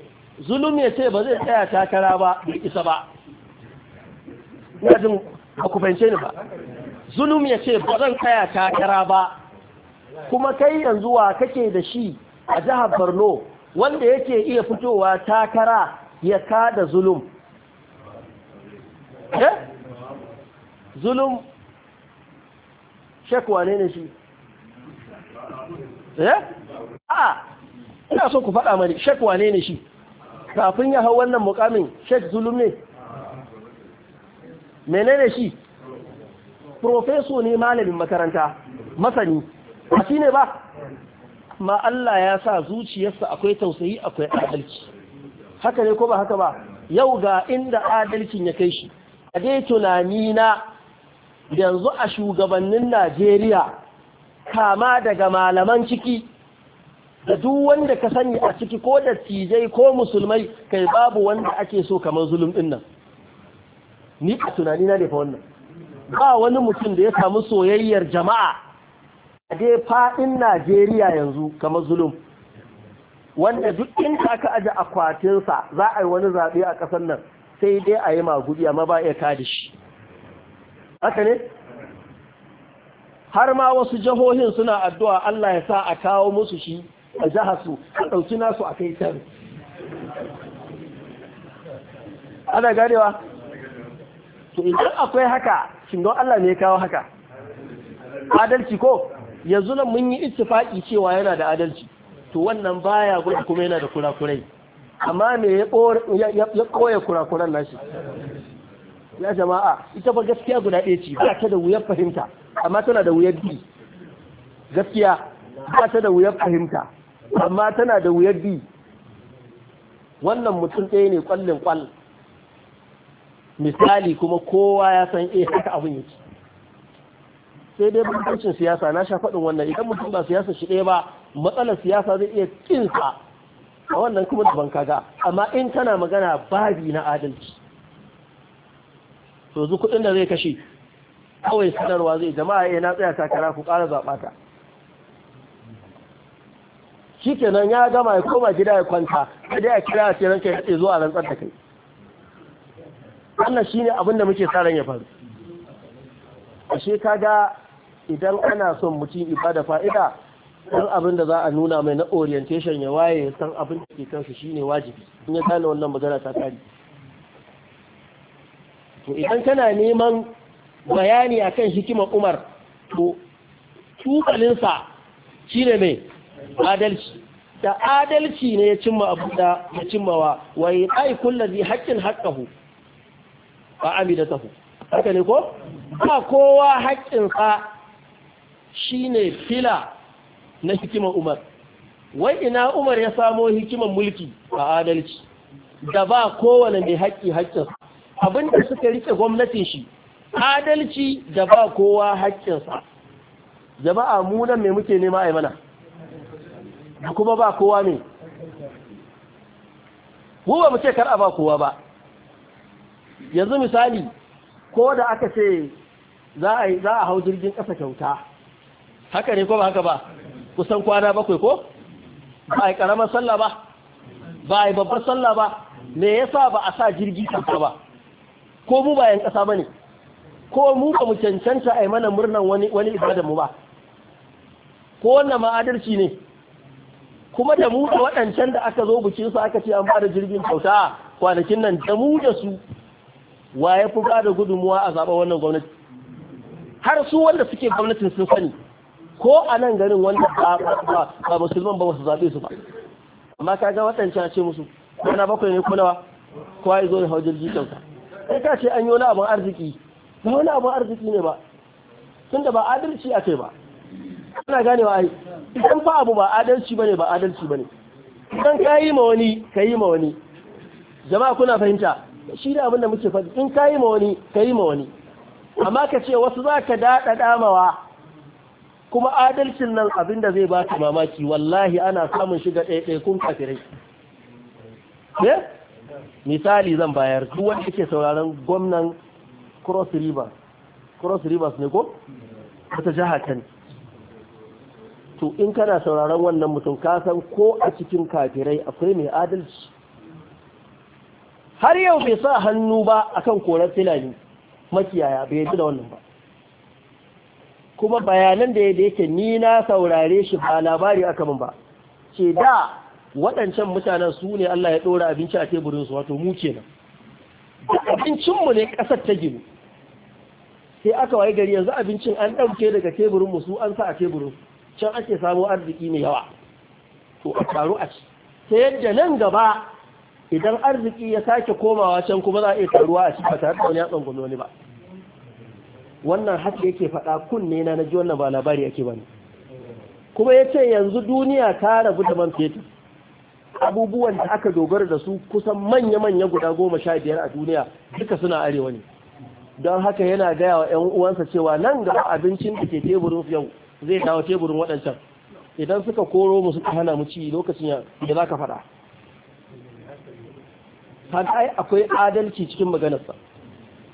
zulum ya ce ba zai tsaya takara ba bai isa ba ba ku ni ba zulum ya ce ba zan kaya takara ba kuma kai yanzu wa kake da shi a jihar borno wanda yake iya fitowa takara ya kada zulum eh zulum shekwa ne ne shi eh a ah, ina so ku faɗa mani shekwa ne ne shi kafin ya hau wannan mukamin shek zulum menene shi profeso ne malamin makaranta masani A shi ne ba Ma Allah ya sa zuciyarsa akwai tausayi akwai adalci haka ne ko ba haka ba yau ga inda adalcin ya kai shi a dai tunani na yanzu a shugabannin Najeriya kama daga malaman ciki da duk wanda ka sani a ciki ko da tijai ko musulmai kai babu wanda ake so kamar zulum din nan ni a tunani na ne fa wannan ba wani mutum da ya samu soyayyar jama'a a dai faɗin Najeriya yanzu kama zulum wanda duk inda aka aje akwatinsa za a yi wani zaɓe a ƙasar nan sai dai a yi magudi amma ba iya kada shi haka ne har ma wasu jihohin suna addu'a Allah ya sa a kawo musu shi a jihar su a ɗauki nasu a kai can ana ganewa to idan akwai haka shin don Allah ne ya kawo haka adalci ko yanzu nan mun yi ittifaki cewa yana da adalci to wannan baya gudu kuma yana da kurakurai amma me ya koya kurakuran nashi ya jama'a ita ba gaskiya guda ɗaya ce ba ta da wuyar fahimta amma tana da wuyar bi gaskiya ba ta da wuyar fahimta amma tana da wuyar bi wannan mutum ɗaya ne kwallin kwallin misali kuma kowa ya san eh haka abin yake sai dai bambancin siyasa na sha faɗin wannan idan mutum ba siyasa shi ɗaya ba matsalar siyasa zai iya kinsa a wannan kuma da kaga amma in kana magana babi na adalci to zu kuɗin da zai kashe kawai sanarwa zai jama'a ya eh, na tsaya takara ku ƙara zaɓa ta shikenan ya gama ya koma gida ya kwanta sai dai a kira a ce ranka ya zuwa rantsar da kai wannan shi abin da muke sa ran ya faru ashe ga idan ana son mutum ibada fa'ida don abin da za a nuna mai na orientation ya waye san abin da ke kansu shi ne wajibi in ya gane wannan magana ta tsari to idan kana neman bayani akan hikimar Umar to tukalinsa shi ne mai adalci da adalci ne ya cimma abu da ya cimmawa wai ai kullazi haqqin haqqahu ba amidatahu haka ne ko ba kowa haƙƙinsa shine fila na hikimar Umar wai ina Umar ya samo hikimar mulki a adalci da ba kowane mai haƙƙi haƙƙinsa abinda suka rike gwamnatin shi adalci da ba kowa haƙƙinsa jama'a mu nan me muke nema a mana da kuma ba kowa ne mu ba mu ce kar a ba kowa ba yanzu misali ko da aka ce za a hau jirgin ƙasa kyauta haka ne ko ba haka ba kusan kwana bakwai ko ba a yi ƙaramar sallah ba ba a yi babbar sallah ba me yasa ba a sa jirgi kyauta ba ko mu bayan ƙasa ba ne ko mu ba mu cancanta a yi mana murnan wani wani mu ba ko wannan ma'adarci ne kuma da mu da waɗancan da aka zo bikinsu aka ce an ba jirgin kyauta kwanakin nan da mu da su wa ya fi ba da gudunmuwa a zaɓa wannan gwamnati har su wanda suke gwamnatin sun sani ko a nan garin wanda ba musulman ba su zaɓe su ba amma ka ga waɗancan ce musu kwana bakwai ne nawa? kowa ya zo ya hau jirgin kyauta sai ka ce an yi wani abin arziki ba wani abin arziki ne ba tunda ba adalci a kai ba ana ganewa ai idan fa abu ba adalci bane ba adalci bane idan ka yi ma wani ka yi ma wani jama'a kuna fahimta shi da abin da muke faɗi in ka yi ma wani ka yi ma wani amma ka ce wasu za ka daɗa damawa kuma adalcin nan abin da zai baka mamaki wallahi ana samun shiga kun kafirai misali zan bayar duk wanda yake sauraron gwamnan cross river cross rivers ne ko wata jiha kan to in kana sauraron wannan mutum ka san ko a cikin kafirai akwai mai adalci har yau bai sa hannu ba akan korar filani makiyaya bai yi da wannan ba kuma bayanan da ya yake ni na saurare shi ba labari aka min ba ce da waɗancan mutanen su ne Allah ya ɗora abinci a teburinsu wato mu nan. da abincinmu ne ƙasar ta gini sai aka waye gari yanzu abincin an ɗauke daga teburinmu su an sa a teburin can ake samu arziki mai yawa to a taru a ci ta yadda nan gaba idan arziki ya sake komawa can kuma za a iya taruwa a cikin tare da wani yatsan wani ba wannan haka yake faɗa kunne na naji wannan ba labari yake bane kuma yace yanzu duniya ta rabu da man fetur abubuwan da aka dogara da su kusan manya-manya guda goma sha biyar a duniya duka suna arewa ne don haka yana gaya wa 'yan uwansa cewa nan ga abincin da ke teburin yau zai dawo teburin waɗancan idan suka koro mu suka hana mu ci lokacin ya za ka faɗa ai akwai adalci cikin maganarsa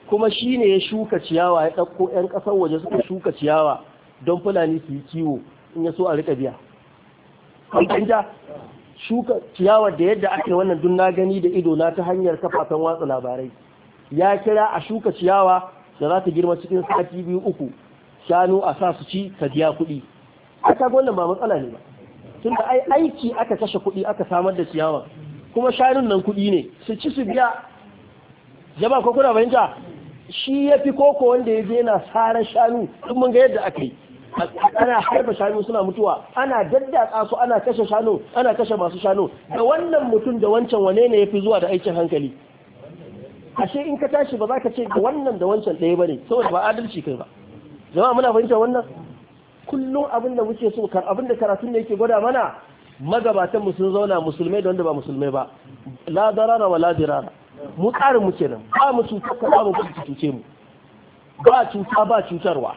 kuma shi ne ya shuka ciyawa ya ɗauko 'yan ƙasar waje suka shuka ciyawa don fulani su yi kiwo in ya so a rika biya ƙanƙanja shuka ciyawar da yadda ake wannan dunna gani da ido na ta hanyar kafafen watsa labarai ya kira a shuka ciyawa da za ta girma cikin sati biyu uku shanu a sa su ci ta biya kuɗi a kaga wannan ba matsala ne ba tun da ai aiki aka kashe kuɗi aka samar da ciyawa kuma shanun nan kuɗi ne su ci su biya jama'a ko kuna fahimta shi ya fi koko wanda ya zai yana saran shanu duk mun ga yadda aka yi ana haifa shanu suna mutuwa ana daddatsa su ana kashe shanu ana kashe masu shanu da wannan mutum da wancan wane ne ya fi zuwa da aikin hankali ashe in ka tashi ba za ka ce da wannan da wancan ɗaya ne saboda ba adalci kai ba jama'a muna fahimta wannan kullum abin da muke so kar abin da karatun ne yake gwada mana magabatan mu sun zauna musulmai da wanda ba musulmai ba la darara wa la dirara mu tsarin mu kenan ba mu cuta ka ba mu cuce mu ba cuta ba cutarwa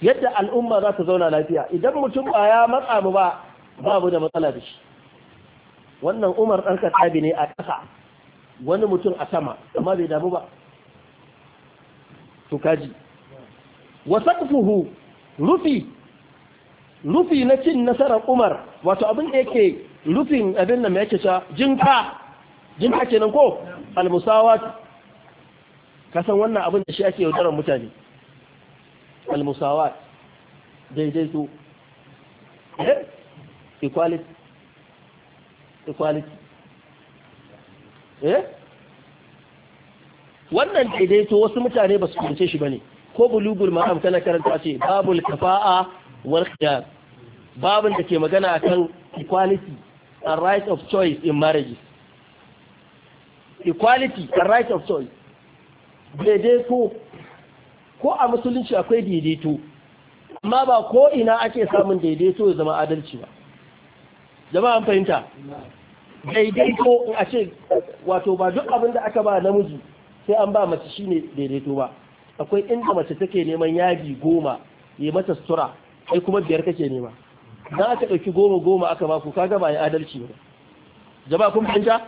yadda al'umma za ta zauna lafiya idan mutum ba ya matsa mu ba babu da matsala da shi wannan umar ɗan katabi ne a ƙasa wani mutum a sama amma bai damu ba to kaji wa rufi rufi na cin nasarar umar wato abin da yake rufin abin da mai yake sha jinka jinka kenan ko al-musawat kasan wannan abin da shi ake yaudarar mutane almusawat daidaito eh? equality equality eh wannan daidaito wasu mutane ba su kunce shi bane ko bulugul ma'am kana karanta ce babul kafa'a wal babin da ke magana kan equality and right of choice in marriage equality and right of choice daidaito ko a musulunci akwai daidaito amma ba ko ina ake samun daidaito ya zama adalci ba Zama an fahimta daidaito a ce wato ba duk abin da aka ba namiji sai an ba mace shi ne daidaito ba akwai inda mace take neman yaji goma ya mata sutura kai kuma biyar kake nema dan aka ɗauki goma goma aka baku kaga gaba ya adalci ba jama'a kun fahimta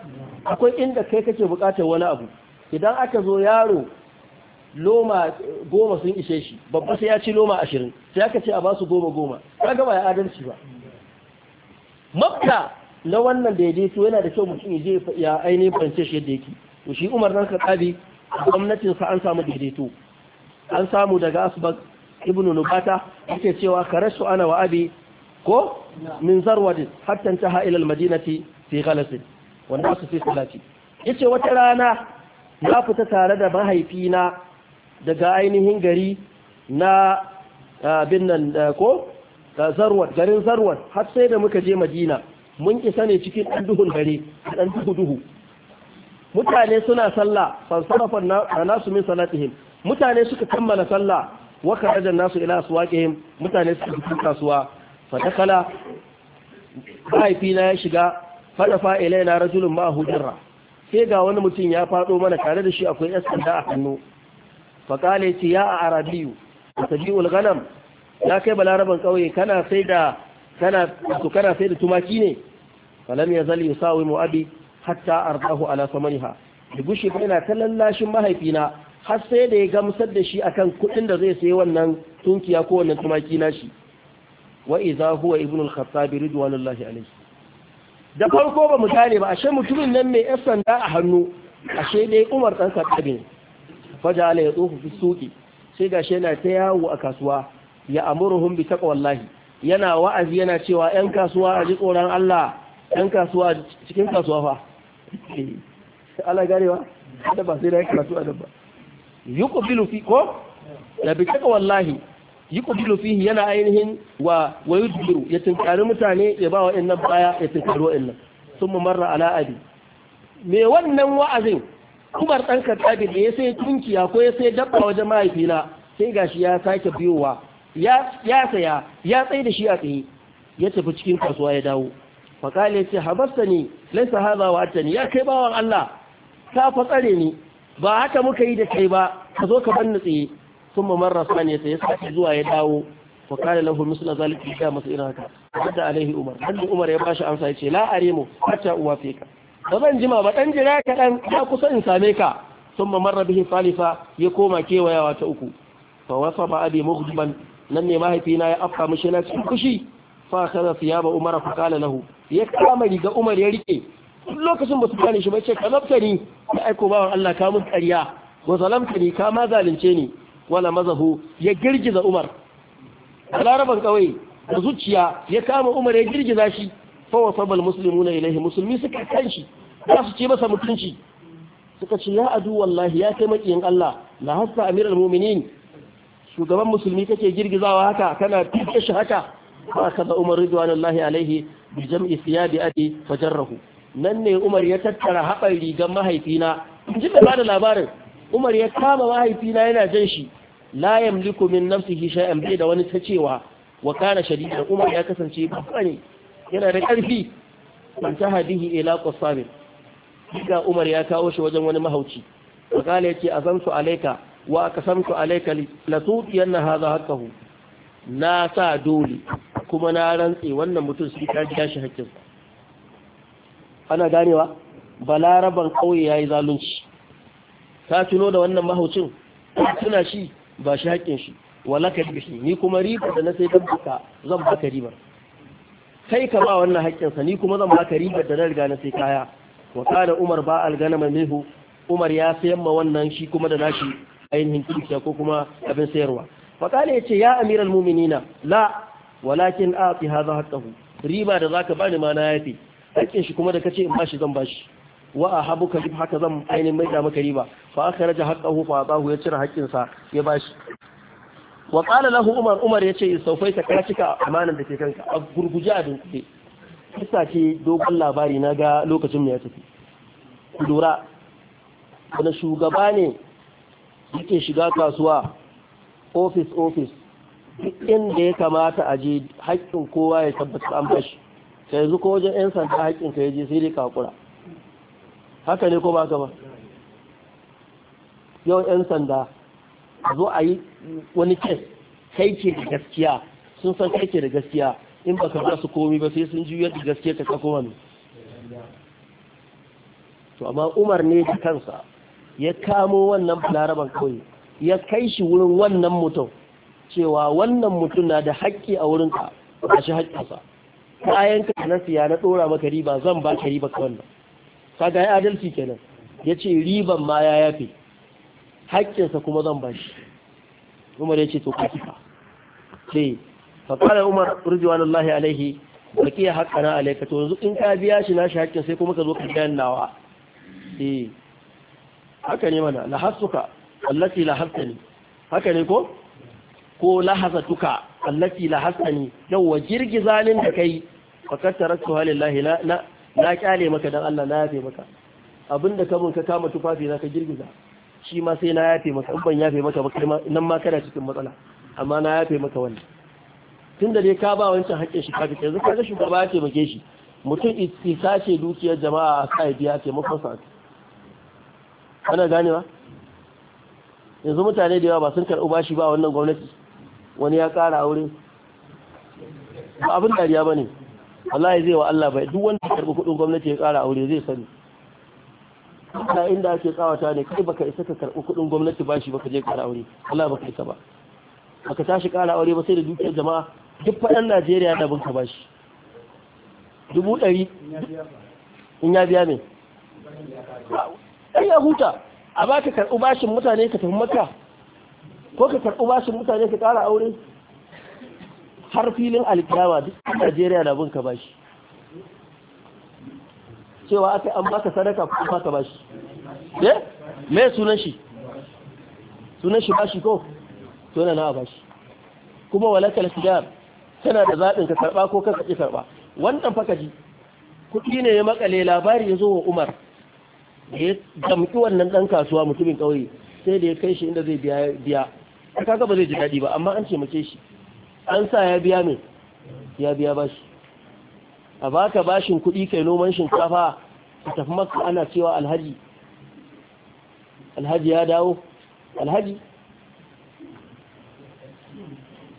akwai inda kai kake buƙatar wani abu idan aka zo yaro loma goma sun ishe shi babba sai ya ci loma ashirin sai aka ce a basu goma goma kaga gaba ya adalci ba mafta na wannan daidaito yana da kyau mutum je ya ainihin fahimce shi yadda yake to shi umar nan ka tsabi gwamnatin sa an samu daidaito an samu daga asbak ibn nubata yake cewa karasu ana wa abi ko min zarwadin hatta intaha ila almadinati fi ghalasin wa nasu fi salati yace wata rana na fita tare da mahaifina daga ainihin gari na bin nan ko garin zarwar. har sai da muka je madina mun isa ne cikin ɗan duhun gari dan duhu duhu mutane suna sallah fansarafan nasu min salatihim mutane suka kammala sallah wa karaja nasu ila aswaqihim mutane suka fita kasuwa fa dakala ya shiga fa dafa ilaina rajulun ma hujra sai ga wani mutum ya fado mana tare da shi akwai yan sanda a hannu fa kale ci ya arabiyu tabi'ul ghanam ya kai balaraban kauye kana sai da kana to kana sai da tumaki ne falam yazal yusawimu abi hatta ardahu ala samaniha da gushe ina ta lallashin mahaifina har sai da ya gamsar da shi akan kuɗin da zai sayi wannan tunkiya ko wannan tumaki nashi wa iza huwa ibn al-khattab ridwanullahi alayhi da farko ba mutane ba ashe mutumin nan mai yan sanda a hannu ashe dai Umar dan Khattab ne fajala ya tsofu fi suki sai gashi yana ta yawo a kasuwa ya amuruhum bi taqwallahi yana wa'azi yana cewa yan kasuwa a ji tsoron Allah yan kasuwa cikin kasuwa fa eh, Allah garewa da ba sai da kasuwa a dabba bilu fi ko la bi taka wallahi bilu fi yana ainihin wa wa yudbiru ya tinkari mutane ya ba wa'annan baya ya tinkari wa wa'annan summa marra ala abi me wannan wa'azin kumar dan Khattabi da ya sai tunkiya ko ya sai dabba wajen mahaifina sai gashi ya sake biyowa ya saya ya tsaye da shi a tsaye ya tafi cikin kasuwa ya dawo fa ya ce habasta ne laisa haza wa ya kai bawan Allah ka fa tsare ni ba haka muka yi da kai ba ka zo ka banna tsaye sun ma marra sani sai ya zuwa ya dawo wa kare lahu misla zalika ya irin haka hadda alaihi umar hadda umar ya bashi amsa ya ce la aremu hatta ka. ba zan jima ba dan jira ka dan ya kusa in same ka sun ma marra salifa ya koma kewayawa ta uku fa wasa ba abi mughdiban nan ne mahaifina ya afka mishi na cikin kushi fa kaza siyaba umar fa kala lahu ya kama riga umar ya rike lokacin ba su gane shi ba ce kalabta ni ya aiko bawan Allah ka mun ƙarya wa zalamta ni ka ma zalunce ni wala mazahu ya girgiza Umar a kawai da zuciya ya kama Umar ya girgiza shi fa wasabal muslimuna ilaihi musulmi suka kan shi za su ce masa mutunci suka ce ya adu wallahi ya kai makiyin Allah la hasa amiral mu'minin shugaban musulmi kake girgizawa haka kana tike shi haka ba da Umar ridwanullahi alaihi bi jam'i siyabi adi fajarrahu nan ne umar ya tattara haɓar rigar mahaifina in ji ba da labarin umar ya kama mahaifina yana jan shi Layan likumin min nafsihi shay'an bai da wani ta cewa wa kana umar ya kasance babba ne yana da ƙarfi man tahadihi ila qasamir ga umar ya kawo shi wajen wani mahauci wakala zan su alaika wa aqsamtu alayka la tudiyanna hadha haqqahu na sa dole kuma na rantse wannan mutum su ka ji shi ana ganewa balaraban kauye yayi zalunci ta tuno da wannan mahaucin suna shi ba shi haƙin shi walaka da ni kuma riba da na sai dan baka zan baka riba kai ka ba wannan hakkin sa ni kuma zan baka riba da na riga na sai kaya wa kana umar ba alganama minhu umar ya sayan ma wannan shi kuma da nashi ainihin kinsa ko kuma abin sayarwa fa kana yace ya amiral mu'minina la walakin a'ti hadha haqqahu riba da zaka bani ma na yafi aikin shi kuma da kace in bashi zan bashi wa ahabuka bi haka zan ainin mai da maka riba fa akhraja haqqahu fa atahu ya cire haƙin sa ya bashi wa qala lahu umar umar yace istawfaita ka cika amanan da ke kanka a gurguje a dunkule kisa ce dogon labari na ga lokacin ya tafi lura wani shugaba ne yake shiga kasuwa office ofis duk inda ya kamata a je haƙƙin kowa ya tabbata an bashi ka yanzu ko wajen 'yan sanda haƙƙin ka yaji sai dai kakura haka ne ko ba ka ba yau 'yan sanda zo a yi wani kes kai ke da gaskiya sun san kai ke da gaskiya in ba ka ba su komi ba sai sun juyar da gaskiya ka kako wani to amma umar ne da kansa ya kamo wannan balaraban kawai ya kai shi wurin wannan mutum cewa wannan mutum na da haƙƙi a wurinka ba shi haƙƙinsa kayan ka na siya na tsora maka riba zan ba ka riba ka wannan kaga ya adalci kenan Ya ce riban ma ya yafe haƙƙinsa kuma zan ba shi Umar ce to ka kifa faƙarar umar rujewa na lahi alaihi ke ya haƙƙana alaika to yanzu in ka biya shi na shi haƙƙin sai kuma ka zo ka biyan nawa eh haka ne mana lahassuka allati lahassani haka ne ko ko Lahasa Tuka, allati lahasani wa jirgi zalin da kai fakat taraktu halillahi la na na kyale maka dan Allah na yafe maka abinda ka ka kama tufafi na ka girgiza shi ma sai na yafe maka in ban yafe maka ba kai nan ma kada cikin matsala amma na yafe maka wannan tunda dai ka ba wancan haƙƙin shi kafin yanzu ga shugaba ya taimake shi mutum isa ce dukiyar jama'a a sa biya taimakon sa ana ganewa yanzu mutane da yawa ba sun karɓi bashi ba wannan gwamnati wani ya ƙara aure ba abin dariya ba ne ya zai wa Allah bai duk wanda karɓi kuɗin gwamnati ya ƙara aure zai sani ta inda ake tsawata ne kai baka isa ka karɓi kuɗin gwamnati ba shi baka je ƙara aure Allah baka isa ba baka tashi ƙara aure ba sai da dukiyar jama'a duk faɗan Najeriya da bunka ba shi dubu ɗari in ya biya mai ai ya huta a ba ka karɓi bashin mutane ka tafi maka ko ka karɓi bashin mutane ka ƙara aure har filin alkirawa duk Najeriya na bin ka bashi cewa aka an baka sadaka ko baka bashi eh me sunan shi sunan shi bashi ko to na na bashi kuma walakal khiyar tana da zaɓin ka karɓa ko ka saki karɓa wannan fa kaji kuɗi ne ya makale labari ya zo wa Umar da ya damƙi wannan ɗan kasuwa mutumin ƙauye sai da ya kai shi inda zai biya an kaga ba zai ji daɗi ba amma an taimake shi an sa ya biya mai ya biya bashi a baka bashin kuɗi kai noman shinkafa ka tafi maka ana cewa alhaji alhaji ya dawo alhaji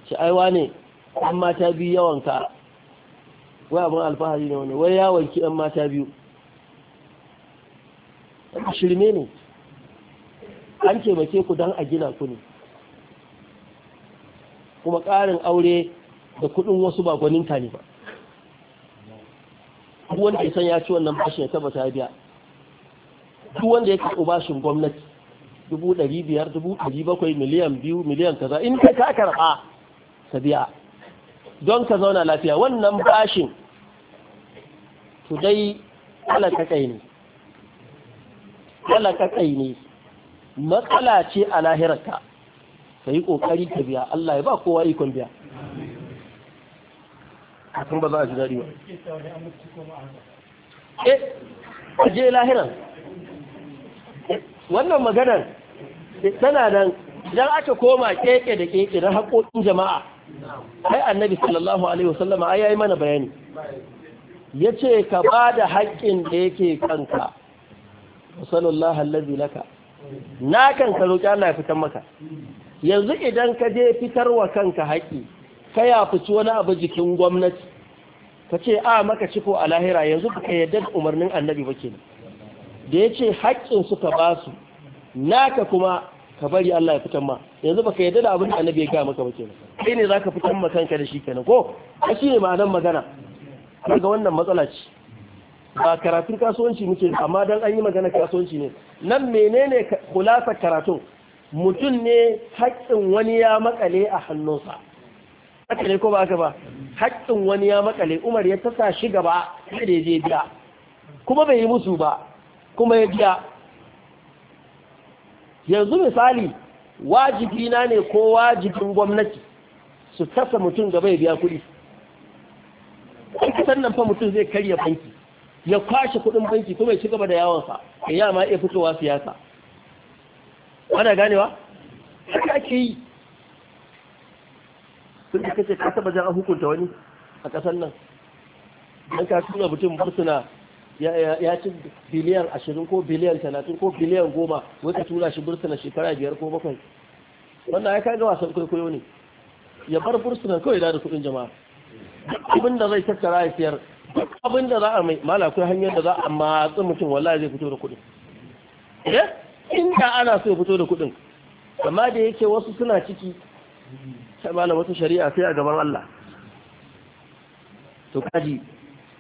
Shi aiwa ne an mata biyu yawanka wai abin alfahari ne wani wai yawanki an mata biyu shirme ne an mace ku don a gina ku ne kuma ƙarin aure da kuɗin wasu ba gwaninta ne ba wanda ya san ya ci wannan bashin ya tabbata ya biya duk wanda ya karɓi bashin gwamnati dubu ɗari biyar dubu ɗari bakwai miliyan biyu miliyan kaza in ka ka karɓa ka biya don ka zauna lafiya wannan bashin to dai alaka kai ne alaka kai ne matsala ce a lahirarka ka yi ƙoƙari ka biya Allah ya ba kowa ikon biya hakan ba za a ji daɗi ba eh a je lahiran eh, wannan maganar eh, tana nan idan aka koma keke da keke na haƙoƙin jama'a ai annabi sallallahu alaihi wasallama ai yayi mana bayani yace ka ba da haƙƙin da yake kanka sallallahu alaihi laka na kanka roƙi Allah ya fitan maka yanzu idan ka je fitar wa kanka haƙi ka yafuci wani abu jikin gwamnati ka ce a maka ciko a lahira yanzu ba ka yadda da umarnin annabi ba kenan da ya ce haƙƙin suka ba su naka kuma ka bari Allah ya fitan ma yanzu ba ka yadda da abin da annabi ya gaya maka ba kenan kai ne za ka fitan ma kanka da shi kenan ko a shi ne ma'anar magana daga wannan matsala ce ba karatun kasuwanci muke amma don an yi magana kasuwanci ne nan menene kulasa karatun mutum ne haƙƙin wani ya makale a hannunsa haka ko ba ka ba haƙƙin wani ya makale umar ya tasa shi gaba sai da je biya kuma bai yi musu ba kuma ya biya yanzu misali wajibi na ne ko wajibin gwamnati su tasa mutum gaba ya biya kuɗi kusan nan fa mutum zai karya banki ya kwashe kuɗin banki kuma ya ci gaba da yawonsa ya ma iya fitowa siyasa ana ganewa haka ake yi sun da kace ka taba jan hukunta wani a ƙasar nan dan ka tura mutum bursuna ya ci biliyan ashirin ko biliyan talatin ko biliyan goma wai ka tura shi bursuna shekara biyar ko bakwai wannan ya kaga wasan kwaikwayo ne ya bar bursuna kawai da kuɗin jama'a abin da zai tattara ya siyar abin da za a mai mala hanyar da za a matsi mutum wallahi zai fito da kuɗin eh inda ana so ya fito da kuɗin amma da yake wasu suna ciki shabana wata shari'a sai a gaban Allah to kaji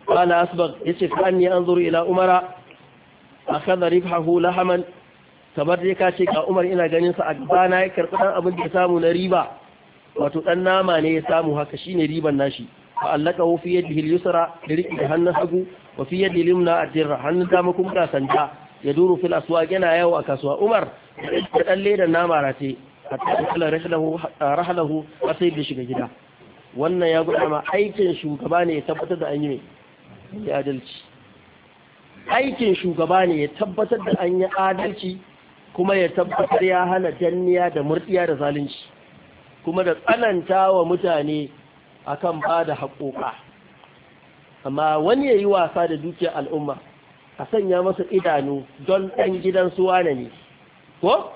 wala asbag yace anni anzuru ila umara akhadha ribhahu lahaman kamar dai ka ce ga Umar ina ganin sa a gabana ya karɓi dan abin da ya samu na riba wato dan nama ne ya samu haka shine riban nashi fa allaka fi yadihi al-yusra da da hannun hagu wa fi yadihi al-yumna ad-dirra hannun dama kuma da sanda ya duru fil aswa yana yawo a kasuwa umar da dan ledan nama rate hatta kala rahlahu rahlahu sai da shiga gida wannan ya gudu ma aikin shugaba ne ya tabbatar da an adalci aikin shugaba ne ya tabbatar da an yi adalci kuma ya tabbatar ya hana danniya da murdiya da zalunci kuma da tsananta wa mutane akan ba da haƙoƙa amma wani ya yi wasa da dukiyar al'umma a sanya masa idanu don ɗan gidan suwane ne ko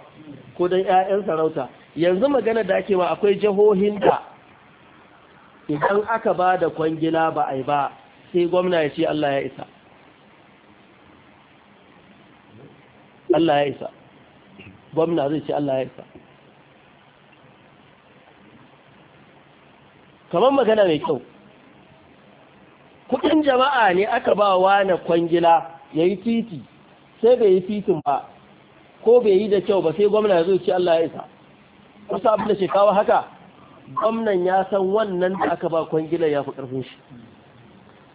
ko don 'ya'yan sarauta yanzu magana da ake ma akwai jihohin da idan aka ba da kwangila ba a yi ba sai gwamna ya ce Allah ya isa Allah ya isa gwamna zai ce Allah ya isa kamar magana mai kyau kudin jama'a ne aka ba wa na kwangila ya yi titi sai bai yi titin ba ko bai yi da kyau ba sai gwamna ya zo ci Allah ya isa wasu abin da ke kawo haka gwamnan ya san wannan da aka ba kwangilar ya fi ƙarfin shi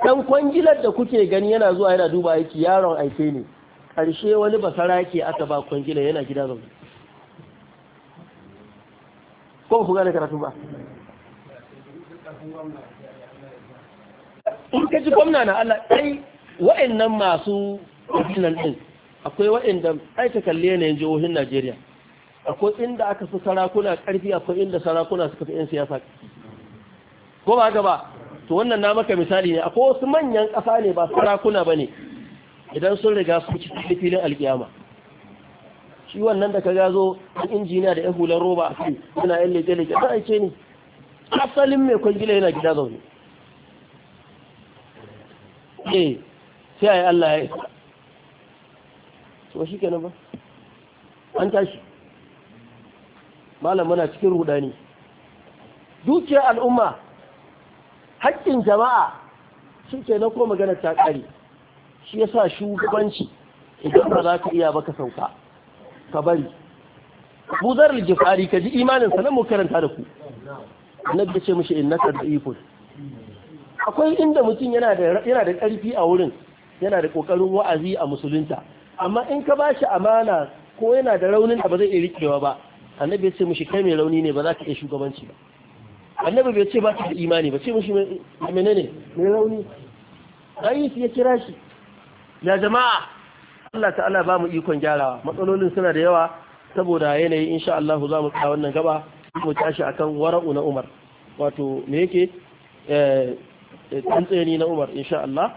ɗan kwangilar da kuke gani yana zuwa yana duba aiki yaron aike ne ƙarshe wani basara ke aka ba kwangilar yana gida zaune ko ku gane karatu ba in ka ji gwamna na Allah ɗai wa'annan masu nan ɗin, akwai wa'anda da kalli kalle yanayin jihohin Najeriya akwai inda aka fi sarakuna karfi akwai inda sarakuna suka fi 'yan siyasa ko ba gaba to wannan na maka misali ne akwai wasu manyan ƙasa ne ba sarakuna ba ne idan sun riga su ci filin alkiyama shi wannan da ka gazo an injiniya da ya hular roba a kai suna yan leke ta ne asalin mai kwangila yana gida zaune eh, sai a yi Allah ya isa so shi kenan ba an tashi malam muna cikin rudani dukiyar al'umma haƙƙin jama'a shi ke na ko magana ta ƙari shi ya sa shugabanci idan ba za ka iya ba ka sauka ka bari buzar jifari ka ji imanin nan mu karanta da ku annabi ce mishi innaka ikon. akwai inda mutum yana da ƙarfi a wurin yana da ƙoƙarin wa'azi a musulunta amma in ka ba shi amana ko yana da raunin da ba zai iya riƙewa ba annabi ya ce mushi kai mai rauni ne ba za ka iya shugabanci ba annabi bai ce ba ka da imani ba ce mushi menene mai rauni ayi ya kira shi ya jama'a Allah ta'ala ba mu ikon gyarawa matsalolin suna da yawa saboda yanayi insha Allah za mu tsaya wannan gaba mu tashi akan wara'u na Umar wato me yake eh, eh tantsani na Umar insha Allah